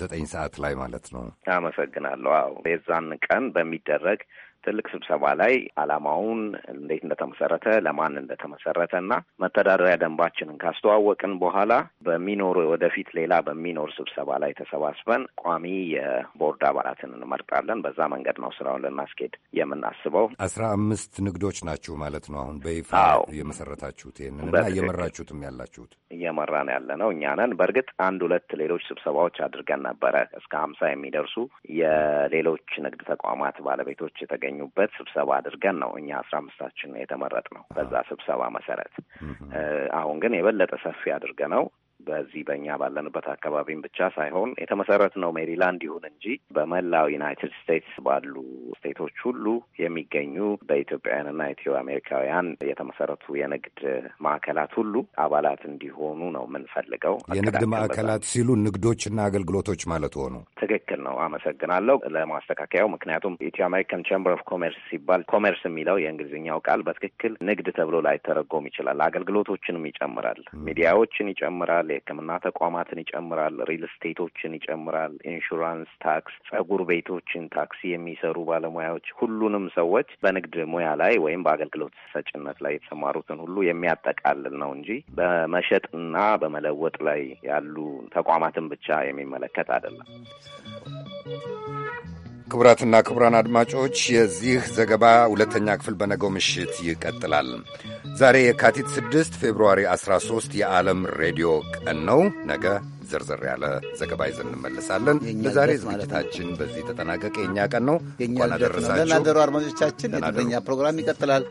ዘጠኝ ሰዓት ላይ ማለት ነው። አመሰግናለሁ። አዎ የዛን ቀን በሚደረግ ትልቅ ስብሰባ ላይ አላማውን እንዴት እንደተመሰረተ ለማን እንደተመሰረተ እና መተዳደሪያ ደንባችንን ካስተዋወቅን በኋላ በሚኖር ወደፊት ሌላ በሚኖር ስብሰባ ላይ ተሰባስበን ቋሚ የቦርድ አባላትን እንመርጣለን። በዛ መንገድ ነው ስራውን ልናስኬድ የምናስበው። አስራ አምስት ንግዶች ናችሁ ማለት ነው አሁን በይፋ የመሰረታችሁት ይህንን እና እየመራችሁትም ያላችሁት? ነው ያለ ነው እኛ ነን። በእርግጥ አንድ ሁለት ሌሎች ስብሰባዎች አድርገን ነበረ። እስከ ሀምሳ የሚደርሱ የሌሎች ንግድ ተቋማት ባለቤቶች የተገ በተገኙበት ስብሰባ አድርገን ነው እኛ አስራ አምስታችን የተመረጥ ነው። በዛ ስብሰባ መሰረት አሁን ግን የበለጠ ሰፊ አድርገ ነው በዚህ በእኛ ባለንበት አካባቢም ብቻ ሳይሆን የተመሰረት ነው ሜሪላንድ ይሁን እንጂ በመላው ዩናይትድ ስቴትስ ባሉ ስቴቶች ሁሉ የሚገኙ በኢትዮጵያውያንና ኢትዮ አሜሪካውያን የተመሰረቱ የንግድ ማዕከላት ሁሉ አባላት እንዲሆኑ ነው የምንፈልገው። የንግድ ማዕከላት ሲሉ ንግዶችና አገልግሎቶች ማለት ሆኑ። ትክክል ነው። አመሰግናለሁ ለማስተካከያው። ምክንያቱም ኢትዮ አሜሪካን ቻምበር ኦፍ ኮሜርስ ሲባል ኮሜርስ የሚለው የእንግሊዝኛው ቃል በትክክል ንግድ ተብሎ ላይተረጎም ይችላል። አገልግሎቶችንም ይጨምራል፣ ሚዲያዎችን ይጨምራል፣ የሕክምና ተቋማትን ይጨምራል፣ ሪል ስቴቶችን ይጨምራል፣ ኢንሹራንስ ታክስ፣ ጸጉር ቤቶችን፣ ታክሲ የሚሰሩ ባለሙያዎች፣ ሁሉንም ሰዎች በንግድ ሙያ ላይ ወይም በአገልግሎት ሰጭነት ላይ የተሰማሩትን ሁሉ የሚያጠቃልል ነው እንጂ በመሸጥና በመለወጥ ላይ ያሉ ተቋማትን ብቻ የሚመለከት አይደለም። ክቡራትና ክቡራን አድማጮች የዚህ ዘገባ ሁለተኛ ክፍል በነገው ምሽት ይቀጥላል። ዛሬ የካቲት 6 ፌብርዋሪ 13 የዓለም ሬዲዮ ቀን ነው። ነገ ዘርዘር ያለ ዘገባ ይዘን እንመለሳለን። ለዛሬ ዝግጅታችን በዚህ ተጠናቀቀ። የእኛ ቀን ነው። ደናደሩ አድማጮቻችን፣ የትግርኛ ፕሮግራም ይቀጥላል።